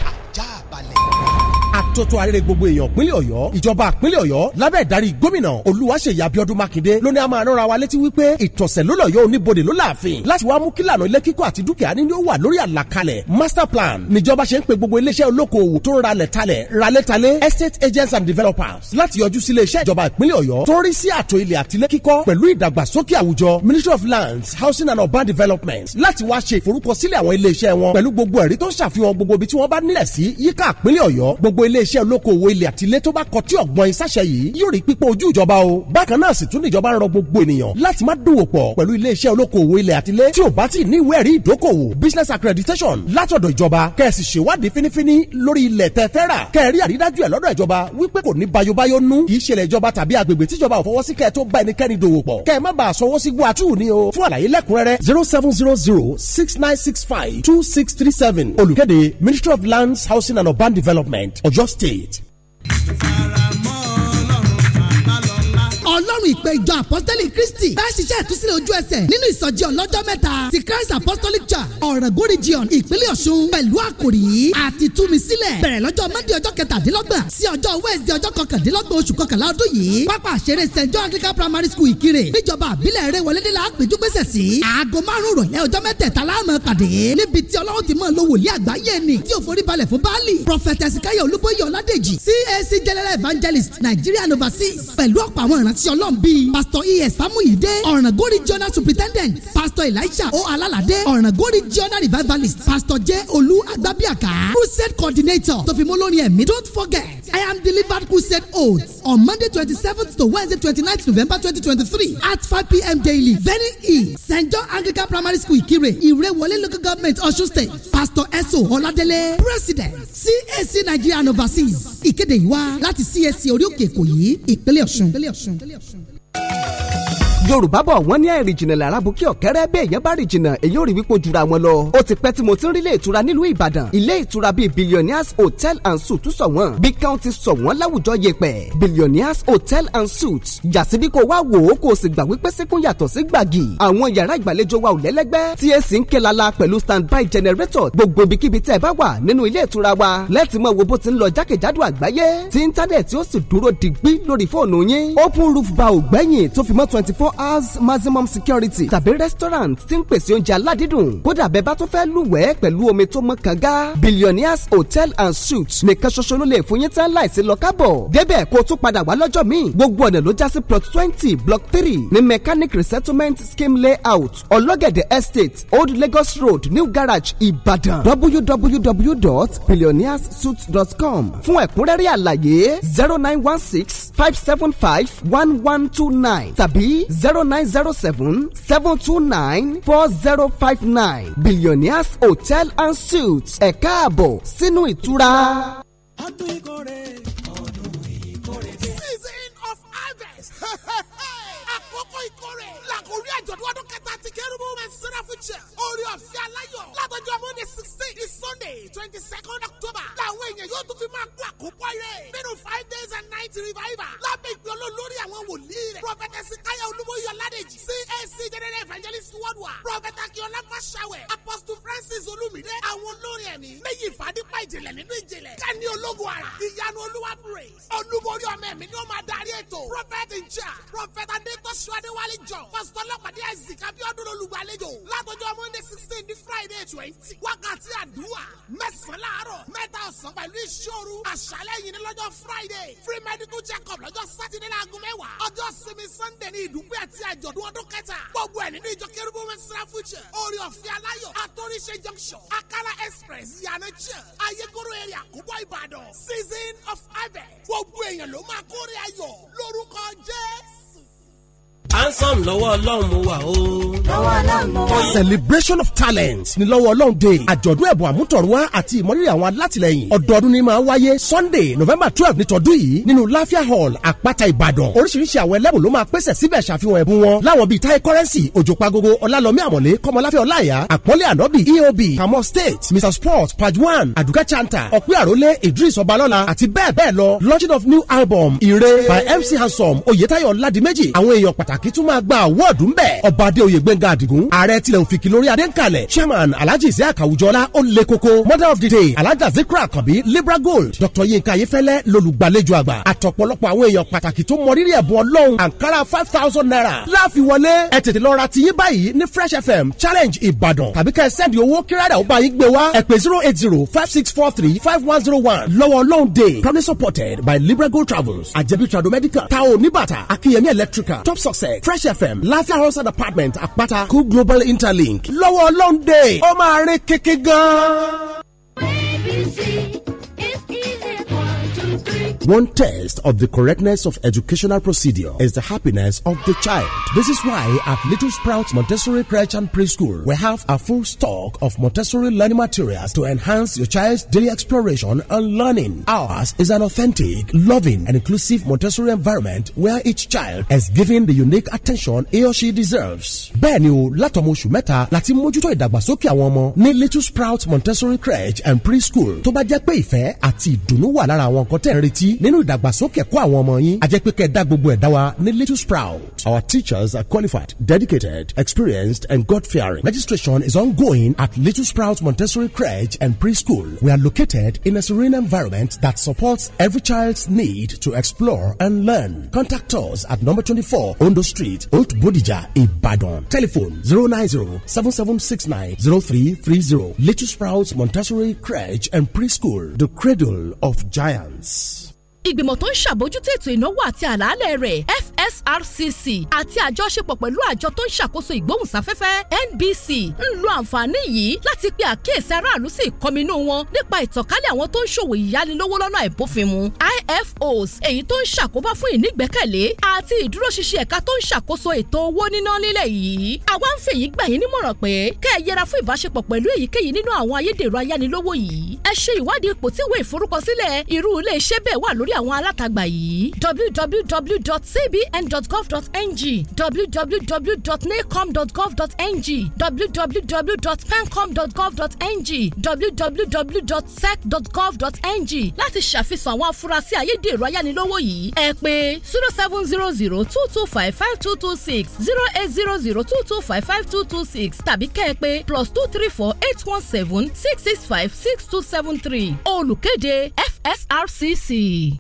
àtúntò àrèrè gbogbo èèyàn pínlẹ̀ ọ̀yọ́ ìjọba pínlẹ̀ ọ̀yọ́ lábẹ́ ìdarí gómìnà olúwaṣeyí abíọ́dún mákindé ló a máa rán ara wa létí wípé ìtọ̀sẹ̀ ló lọ́yọ́ oníbodè ló láàfin láti wá mú kílànà ilé kíkọ́ àti dúkìá níní ó wà lórí àlàkalẹ̀ master plan níjọba ṣe ń pe gbogbo iléeṣẹ́ olókoòwò tó ń ralẹ̀ talẹ̀ ralẹ̀ talẹ̀ estate agents and developers láti yọjú sí iléeṣẹ́ ìjọba ìpínlẹ̀ ọ̀yọ́ tó ń rí sí ààtò ilẹ̀ àti ilé kíkọ́ pẹ̀lú ìdàgbàsókè àwùjọ ministry of lands housing and urban development láti wá ṣe ìforúkọsílẹ̀ àwọn iléeṣẹ́ wọn pẹ̀lú gbogbo ẹ̀rí tó ń ṣàfihàn gbogbo ibi tí wọ́n bá nílẹ̀ sí yíká ìpínlẹ̀ ọ̀yọ́ gbogbo iléeṣ iléeṣẹ́ olókoòwò ilẹ̀ àtilẹ̀ tó bá kọtí ọ̀gbọ́n ìsáṣẹ yìí yóò rí pípọ̀ ojú ìjọba o bákan náà sì tún níjọba ń rọ gbogbo ènìyàn láti má dòwò pọ̀ pẹ̀lú iléeṣẹ́ olókoòwò ilẹ̀ àtilẹ̀ tí ò bá ti ní ìwé ẹ̀rí ìdókòwò business accreditation látọ̀dọ̀ ìjọba kẹ̀sì ṣèwádìí fínífíní lórí ilẹ̀ tẹ́ fẹ́ rà kẹ̀rí àrídájú ẹ̀ lọ́dọ̀ ìjọba wípé kò ní bayobayo nú kì í ṣẹlẹ̀ ìjọba tàbí agbègbè tíjọba ò fọwọ́ sí kẹ́ ẹ tó bá ẹnikẹ́ni dòwò pọ̀ kẹ́ ẹ má bàa zero seven zero zero six nine six five two six three seven olùkéde Ministry of Lands, Housing and Urban Development State. ọlọ́run ìpè ìjọ apọ́sítẹ́lì kristi bá ṣiṣẹ́ ìtúsílẹ̀ ojú ẹsẹ̀ nínú ìsọjí ọlọ́jọ́ mẹ́ta ti christ apostolic church ọ̀rẹ́gùn region ìpínlẹ̀ ọ̀ṣun pẹ̀lú àkòrí àtìtúmísílẹ̀ bẹ̀rẹ̀ lọ́jọ́ monday ọjọ́ kẹtàdínlọ́gbọ̀n sí ọjọ́ wednesday ọjọ́ kọkàndínlọ́gbọ̀n oṣù kọkànlá ọdún yìí pápá àṣẹrẹ st john anglican primary school ìkirè níjọba àbílẹ̀ eré wọlédè la péjúgbésẹ̀ sí aago márùn rọ̀lẹ́ ọjọ́ mẹ́tẹ̀ẹ̀ta láàmú pàdé níbi tí ọlọ́run ti máa lo wòlíì àgbáyé ni tí ò forí balẹ̀ fún baálì prọfẹtẹsì káyọ̀ olúbóyè ọládèjì cac general evangelist nigerian overseas pẹ̀lú ọ̀pọ̀ àwọn ìrántí ọlọ́ congregation bíi pastor es famuyide ọ̀ràngún regional superintendent pastor elisha o alalade ọ̀ràngún regional revivalist pastor j olú agbábíàká crusade coordinator tòfimolórin ẹ̀mí don't forget i am delivered crusade oath on monday twenty seventh to wednesday twenty ninth november twenty twenty three at five pm daily very e st john anglican primary school ìkirè Irewole local government Osun state pastor eso Oladele president cac nigeria and overseas ìkéde ìwá láti cac orí òkè èkó yìí ìpínlẹ̀ ọ̀ṣun yorùbá bọ̀ wọ́n ní àìrìnjìnà làràbùkí ọ̀kẹ́rẹ́ bí èèyàn bá rìnjìnà èyí ò rí wípé jura wọn lọ. ó ti pẹ́ tí mo ti ń rí ilé ìtura nílùú ìbàdàn ilé ìtura bíi billionaires hotel and suites sọ wọ́n bí káwọn sọ wọ́n láwùjọ yẹpẹ̀ billionaires hotel and suites yàtí bí kò wá wò ó kò sì gbà wípé síkún yàtọ̀ sí gbàgì àwọn yàrá ìgbàlejò wa ò lẹ́lẹ́gbẹ́ tí èsì ń ké lala pẹ̀lú standby generator gbogbo ibikíbi tẹ́ ẹ bá wà nínú ilé ìtura wa lẹ́tì mọ́ wo bó ti ń lọ open roof bar ò gbẹ́yìn twenty four house maximum security tàbí restaurant tí ń pèsè oúnjẹ aládídùn kódà bẹ́ẹ̀ bá tún fẹ́ lúwẹ̀ẹ́ pẹ̀lú omi tó mọ́ kànga billionaires hotel and suites nìkan ṣoṣo ló lè fún yín tán láìsí lọ kábọ̀ débẹ̀ kó o tún padà wá lọ́jọ́ míì gbogbo ọ̀nà ló já sí plot twenty block three ní mechanic resettlement scheme layout ọlọ́gẹ̀dẹ̀ estate old lagos road new garage ìbàdàn www.billionairessuites.com fún ẹ̀kúnrẹ́rẹ́ àlàyé zero nine one six five seven five one one two nine tàbí zero nine zero seven seven two nine four zero five nine billionaires hotel and suites ẹ̀ka àbọ̀ sínú ìtura. ọdún ìkórè. ìsúná fún jẹ orí ọ̀fẹ́ aláyọ̀ látọjọ́ monday sixteen is sunday twenty second october làwọn èèyàn yóò tún fi máa kó àkókò ayé nínú five days and night revival lábẹ́ ìgbẹ́ olólórí àwọn wòlíì rẹ̀ prophetess káyọ̀ olúmọ̀yọ̀ ládèjì cac general evangelist worldwide prophet akiola fashawe apostle francis olumide àwọn olórí ẹ̀mí méjì ìfàdípa ìjìnlẹ̀ nínú ìjìnlẹ̀ kẹ́ni ológun ara ìyanu olúwa praise olúborí ọmọ ẹ̀mí ni ó máa darí ètò prophet in charge prophet adétọ́sọ adéwálé john pastor ọlọ́pàdé isaac abiodun olùgbàlejò àlejò látọjọ́ monday sixteen di friday twenty wákàtí àdúrà mẹ́sàn-án láàárọ̀ mẹ́ta ọ̀sán pẹ̀lú ìṣòro àṣálẹ́ yìí ní lọ́jọ́ friday free medical check up lọ́jọ́ Saturday láago mẹ́wàá ọjọ́ sinmi sunday ní ìdúpẹ́ àti àjọ̀dún ọdún kẹta gbogbo ẹ̀ nínú ìjọ kérúbù wẹ́nsìlá fújẹ orí ọ̀fẹ́ aláyọ̀ àtọ́ríṣe junction akala express yàrá jẹ́ ayégoro area àkóbọ̀ ìbàdàn season of harvest gbogbo èèyàn ló máa kórè ayọ̀ lórúkọ jésù handsome lọ́wọ́ ọlọ́run mo wà o. lọ́wọ́ ọlọ́run mo wà. celebration of talent ni lọ́wọ́ ọlọ́run day àjọ̀dún ẹ̀bùn àmútọ̀rùwá àti ìmọ̀rírì àwọn alátìlẹyìn ọdọọdún ni máa wáyé sunday november twelve nítọ́dún yìí nínú lafia hall àpáta ìbàdàn oríṣiríṣi àwọn ẹlẹ́bùn ló máa pèsè síbẹ̀ ṣàfihàn ẹ̀bùn wọn láwọn bíi táyé kọ́rẹ́nsì òjòpagogo ọlálọ́mí àmọ̀lé kọ́mọláfẹ́ ọláyà àpọ́nlé ànọ́bì eob pamọ́ state mr sport pajwan aduka chanta ọ̀pẹ́ àrólé idris ọbalọ́la àti bẹ́ẹ̀ bẹ́ẹ̀ launching of new album ire by mc handsome oyetayo ladimeji àwọn pàtàkì tún máa gba àwọ́ọ̀dù ń bẹ̀. ọba adéoyè gbẹ̀ngà àdìgún ààrẹ tilẹ̀ òfìkì lórí adéǹkalẹ̀ chairman alhaji isiaka àwùjọlá ó lè koko mother of the day alhaja zikra akabi libra gold dr yinka ayefẹlẹ lolùgbàlejò àgbà àtọ̀pọ̀lọpọ̀ àwọn èèyàn pàtàkì tó mọ rírì ẹ̀bùn ọlọ́run ankara five thousand naira láàfin wọlé ẹ tètè lọ ra tiyín báyìí ní fresh fm challenge ìbàdàn tàbí ká ẹ sẹ́ndì owó kíráàdà ó bá yín gbé wá ẹ zero eight zero five six four three five one zero one lọ́wọ́ ọlọ́run day proudly supported by libra gold travels àjẹbí trado medical tao oníbàtà akínyẹmí electrical top success fresh fm láfíà and department àpáta Cool global interlink lọ́wọ́ ọlọ́run ó máa gan abc One test of the correctness of educational procedure is the happiness of the child. This is why at Little Sprouts Montessori Crèche and Preschool, we have a full stock of Montessori learning materials to enhance your child's daily exploration and learning. Ours is an authentic, loving, and inclusive Montessori environment where each child is given the unique attention he or she deserves. Bẹ́ẹ̀ni o, látọmọ oṣù mẹ́ta láti mójútó Little Sprouts Montessori Crèche and Preschool tó bá jẹ́ pé ìfẹ́ àti ìdùnnú wà lára retí nínú ìdàgbàsókè ẹ̀kọ́ àwọn ọmọ yín àjẹpẹ́ kẹ́ ẹ dá gbogbo ẹ̀ dá wa ní Little Sprout. Our teachers are qualified, dedicated, experienced and God-fearing. Registration is ongoing at Little Sprout Montessori Crèche and Preschool. We are located in a serene environment that supports every child's need to explore and learn. Contact us at number 24 Ondo Street, Old Bodija, Ibadan. Telephone 090-7769-0330. Little Sprouts Montessori Crèche and Preschool, the cradle of giants ìgbìmọ̀ tó ń ṣàbójútó ètò ìnáwó àti àlàálẹ̀ rẹ̀ FSRCC àti àjọṣepọ̀ pẹ̀lú àjọ tó ń ṣàkóso ìgbóhùnsáfẹ́fẹ́ NBC ń lo àǹfààní yìí láti pe àkíyèsí aráàlú sí ìkọminú wọn nípa ìtànkálẹ̀ àwọn tó ń ṣòwò ìyánilówó lọ́nà àìbófinmu IFOs èyí tó ń ṣàkóbá fún ìnígbẹ́kẹ̀lé àti ìdúróṣinṣin ẹ̀ka tó ń ṣàkóso ètò owó níná nílẹ̀ yìí àwa ń fèyí gbà yín nímọ̀ràn pé kẹ́ ẹ yẹra fún ìbáṣepọ̀ pẹ̀lú èyíkéyìí nínú àwọn ayédèrú ayánilówó yìí ẹ ṣe ìwádìí ipò tí ìwé ìforúkọsílẹ̀ irú ilé iṣẹ́ bẹ́ẹ̀ wà lórí lórí àwọn alátagbà yìí www.cbn.gov.ng www.nacom.gov.ng www.pencom.gov.ng www.sec.gov.ng láti ṣàfihàn àwọn afurasí ayédèrú ayánilówó yìí ẹ pè zero seven zero zero two two five five two two six zero eight zero zero two two five five two two six tàbí kẹ́ ẹ pè plus two three four eight one seven six six five six two seven three olùkéde FSRCC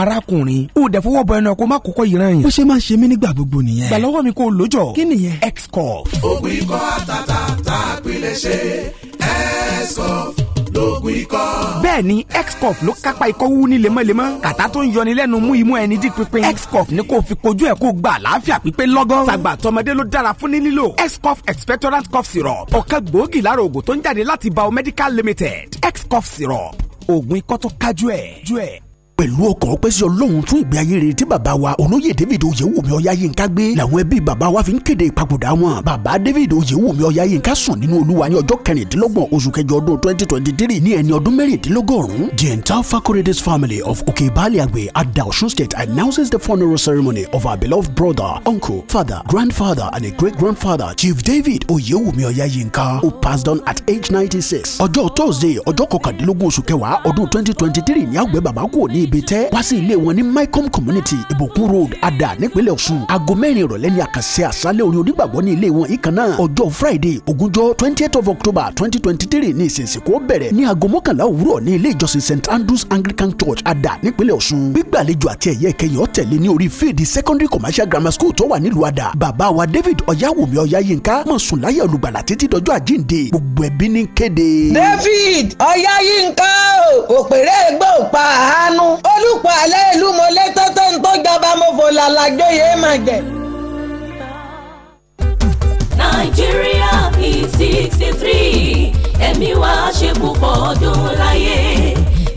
arákùnrin o dẹ̀ fọwọ́ bọ ẹnu ẹ̀ kó má kókó yìí rán yẹn. ó ṣe máa ṣe mí nígbà gbogbo nìyẹn. gbà lọ́wọ́ mi kó lójọ. kí nìyẹn. X-Cough. oògùn àtàtà tá a pilẹ̀ ṣe X-Cough lóògùn bẹ́ẹ̀ ni x ló kápá ikọ́ wú ní lemọ́lemọ́ kàtá tó ń yọni lẹ́nu mú imú ẹni dín pínpín. x ni kò fi kojú ẹ̀ kó gba àlàáfíà pípé lọ́gán. tàgbà tọmọdé ló dára fún ní lílò x expectorant cough syrup ọ̀kan gbòógì lára oògùn tó ń jáde láti Biomedical Limited x syrup oògùn ikọ́ tó kájú ẹ̀ pẹ̀lú ọkàn ọpẹ́ sí ọlọ́run fún ìgbé ayé rere tí bàbá wa olóyè david Oyewumi oyèwùmí ọ̀yáyínká gbé làwọn ẹbí bàbá wa fi ń kéde ìpapòdà wọn bàbá david oyèwùmí ọ̀yáyínká sùn nínú olúwa ní ọjọ́ kẹrìndínlọ́gbọ̀n oṣù kẹjọ ọdún twenty twenty three ní ẹni ọdún mẹ́rìndínlọ́gọ́rùn-ún the entire fakoredes family of okebaliagbe ada osun state announces the funeral ceremony of our beloved brother uncle father grandfather and a great grandfather chief david oyèwùmí ọ̀yáyínká who passed on at age ninety six ọjọ́ thursday ọjọ́ kọkàndínlógún oṣù kẹwàá ọdún twenty twenty three ní àgbẹ̀ bàbá kò ní bẹ́tẹ́ wá sí ilé wọn ní mycom community ìbòkún road ada nípínlẹ̀ ọ̀ṣun aago mẹ́rin ìrọ̀lẹ́ ní àkànṣe àṣálẹ̀ orin onígbàgbọ́ ní ilé wọn ìkan ọjọ́ friday ogúnjọ́ twentieth of october twenty twenty three ní ìsìnsìnkú bẹ̀rẹ̀ ní aago mọ́kànlá òwúrọ̀ ní ilé ìjọsìn st andrews anglican church ada nípínlẹ̀ ọ̀ṣun gbígbàlejò àti ẹ̀yẹ ìkẹyìn ọ̀tẹ̀lẹ̀ ní orí fíìdì secondary commercial grammar school tó wà nílùú ada bàbá wa david ọ̀yáwùmí ọ̀yáyínká mọ̀sùn láyà olùgbàlà títí dọjọ́ àjíǹde david ọ̀yáyínká òpèrè gbòǹpa àánú olùpọ̀ àlẹ́ ìlú mọ̀lẹ́ tọ́tọ́ ń tó jọba mo fò làlàjò yéé mà jẹ. nàìjíríà p sixty three ẹ̀mí wa ṣe púpọ̀ ọdún láyé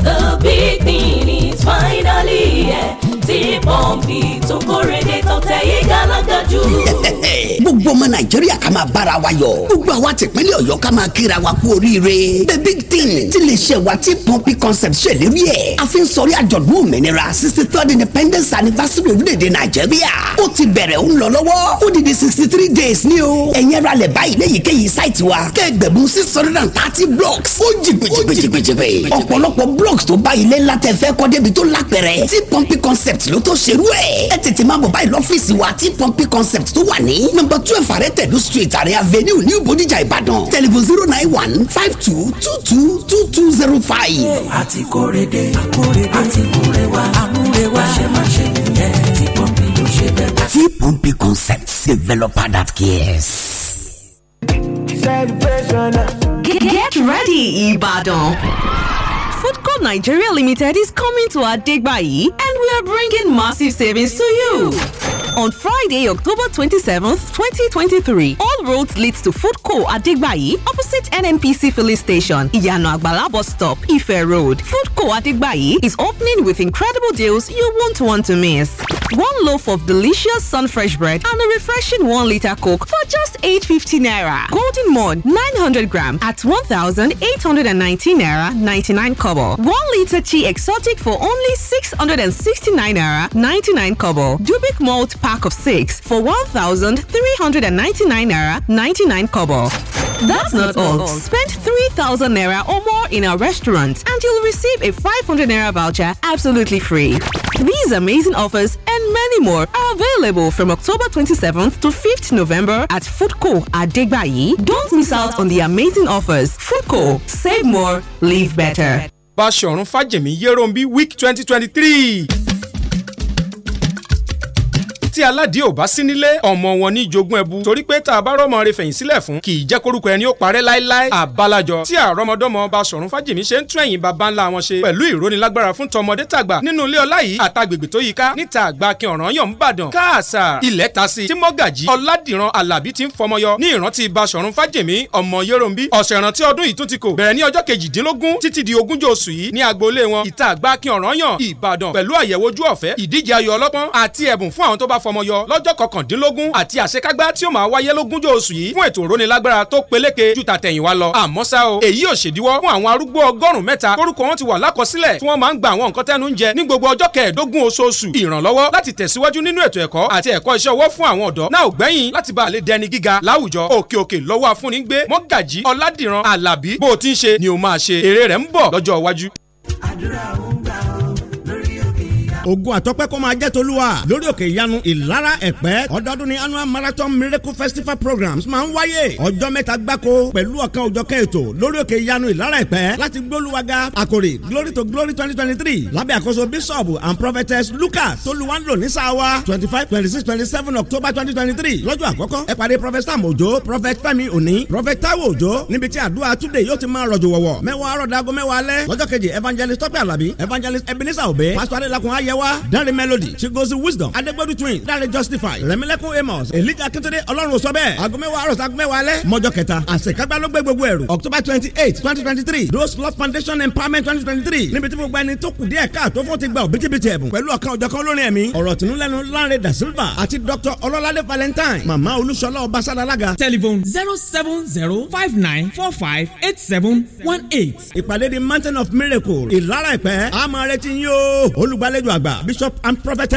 the big thing is finally here. Yeah tí pọ́ǹpì tó kórè dé tọ̀tẹ̀ yìí gàlágà jù. [LAUGHS] gbogbo ọmọ nàìjíríà ká máa bára wa yọ̀ gbogbo àwa tìpínlẹ̀ ọ̀yọ́ ká máa kíra wa kú oríire the big thing ti lè ṣe wa tí pọ́ǹpì concept ṣe lérí ẹ̀ a fi ń sọrí àjọ̀dún òmìnira sixty third independence anniversary orílẹ̀-èdè nàìjíríà ó ti bẹ̀rẹ̀ ó ń lọ lọ́wọ́ ó di di sixty three days ní o ẹ̀yẹ́ ra lẹ̀ báyìí léyìíkéyìí sáìtì wa kẹ́gbẹ̀mú six hundred and thirty blocks ó jì gbèjìgbèjìgbèjìgbè ọ̀pọ̀lọpọ̀ blocks tó báyìí lẹ́ńlá tẹ fẹ́ kọ́ débi tó lápẹ̀rẹ̀ tí pọ́ǹpì concept concept ló tó ṣerú ẹ̀. ẹ tètè máa bọ̀ báyìí lọ́fíìsì wa tí pọ́ńpì concept tó wà ní. two, twelve àrẹ́tẹ̀lú street àrẹ avenue new bodijà ìbàdàn tẹlifon zero nine one five two two two two two zero five. a ti kórè dé a dé a ti múre wá a wá ṣe má ṣe nìyẹn tí pọ́ńpì ló ṣe bẹ́ẹ̀. tí pọ́ńpì concept developer that cares. Get ready, Ibadan. Foodco Nigeria Limited is coming to Adigbayi and we are bringing massive savings to you. On Friday, October 27th, 2023, all roads leads to Food Co. at Digbayi, opposite NNPC filling station, Iyano Agbala bus stop, Ife Road. Food Co. at Digbayi is opening with incredible deals you won't want to miss. One loaf of delicious Sunfresh bread and a refreshing 1 litre Coke for just 8.50 naira. Golden Mud 900 gram at 1,819 naira 99 kobo. 1 litre tea exotic for only 660 69 naira 99 kobo. Dubik malt pack of 6 for 1399 naira 99 kobo. That's, That's not, not all. all. Spend 3000 naira or more in our restaurant and you'll receive a 500 naira voucher absolutely free. These amazing offers and many more are available from October 27th to 5th November at Foodco at Degbayi. Don't miss out on the amazing offers. Foodco, save more, live better. Báṣọ̀run Fájèmí Yéròmbí week twenty twenty three tí aládìí ò bá sí nílé ọmọ wọn ní jogún ẹbu torí pé tá a bá rọmọ rẹ fẹ̀yìn sílẹ̀ fún kì í jẹ́ korúkọ ẹni ó parẹ́ láéláé àbálàjọ tí àrọmọdọ́mọ bá sọ̀rùn fájìmí ṣe ń tún ẹ̀yìn bàbá ńlá wọn ṣe pẹ̀lú ìrónilágbára fún tọmọdé tàgbà nínú ilé ọlá yìí àtàgbègbè tó yíká níta àgbà kí ọ̀ràn yàn ń bàdàn káàsà ilẹ̀ ta sí tí mọ́gàjì ọ̀làdìran alábí ti ń fọmọyọ ní ìrántí basọ̀run fájèmí ọmọ yéròmbí ọ̀sẹ̀ ìrántí ọdún yìí tún ti kò bẹ̀rẹ̀ ní ọjọ́ kejìdínlógún títí di ogúnjọ́ oṣù yìí ní agboolé wọn ìta àgbà ọ̀ràn yàn ìbàdàn pẹ̀lú àyẹ̀wò ojú ọ̀fẹ́ ìdíje ayò ọlọ́pọ́n àti ẹ̀bùn fún àwọn tó bá afọmọyọ lọ́jọ́ kọkàndínlógún àti àṣekágbá tí ó máa wáyé lógúnjọ́ oṣù yìí fún ètò ìrónilágbára tó peléke ju tàtẹ̀yìnwá lọ. àmọ́ ṣá o èyí ò ṣèdíwọ́ fún àwọn arúgbó ọgọ́rùn-ún mẹ́ta tórúkọ wọn ti wà lákọsílẹ̀ tí wọ́n máa ń gba àwọn nǹkan tẹ́nu ń jẹ ní gbogbo ọjọ́ kẹẹ̀ẹ́dógún oṣooṣù. ìrànlọ́wọ́ láti tẹ̀síwájú nínú ètò ẹ̀kọ́ àti ẹ̀kọ́ iṣẹ́ ọwọ́ fún àwọn ọ̀dọ́ náà ò gbẹ́yìn láti bá a lè dẹni gíga láwùjọ òkè òkè lọ́wọ́ afúnigbé mọ́gàjí ọládìran alábí bó o ti ń ṣe ni o máa ṣe èrè rẹ̀ ń bọ̀ lọ́jọ́ iwájú. àdúrà ó ògo àtọ́pẹ́ kó máa jẹ́ tolúwa lórí òkè ìyanu ìlara ẹ̀pẹ́ ọdọọdún ni annual marathon miracle festival programs máa ń wáyé ọjọ́ mẹ́ta gbáko pẹ̀lú ọ̀kan òjọ̀kan ètò lórí òkè ìyanu ìlara ẹ̀pẹ́ láti gbólúwaga àkòrè glory to glory twenty twenty three lábẹ́ àkóso bishop and prophetess lucas tolúwa ń lò ní sáwa twenty five twenty six twenty seven october twenty twenty three lọ́jọ́ àkọ́kọ́ ẹ pàdé prophet sam ojo prophet fẹ́mi òní prophet taiwo ojo níbi tí àdúrà túnde yóò ti máa rọ̀jò wọ̀wọ̀ mẹ́wàá rọ̀dàgọ́ mẹ́wàá alẹ́ evangelist tọ́pẹ́ alábí evangelist ebenezer obe pastor adelakun ayẹ adéléwà dáre melody she goes with wisdom adégbòdú twins dáre justify rẹ̀mílẹ́kùn amos elijah akíntúndé ọlọ́run sọ bẹ́ẹ̀ agomẹ́wà arọ̀sọ agomẹ́wà alẹ́ mọ́jọ kẹta àṣekágbá ló gbé gbogbo ẹ̀rù october twenty eight twenty twenty three rose love foundation empowerment twenty twenty three níbi tí gbogbo ẹni tó kù díẹ̀ káàtó fún ti gba òbítíbitì ẹ̀bùn pẹ̀lú ọ̀kan òjọ̀kan olórin ẹ̀mí ọ̀rọ̀ tìǹlẹ́nu láre da silva àti dr ọlọ́ládé valentine màmá olúṣọlá ọbaṣálá alága. telephone zero seven zero five nine four five eight seven one eight. ìpàdé di mountain of miracle ìlara ìpẹ́ àmọ́ retí yín o olùgbàlejò àgbà àgbà bishop and prophet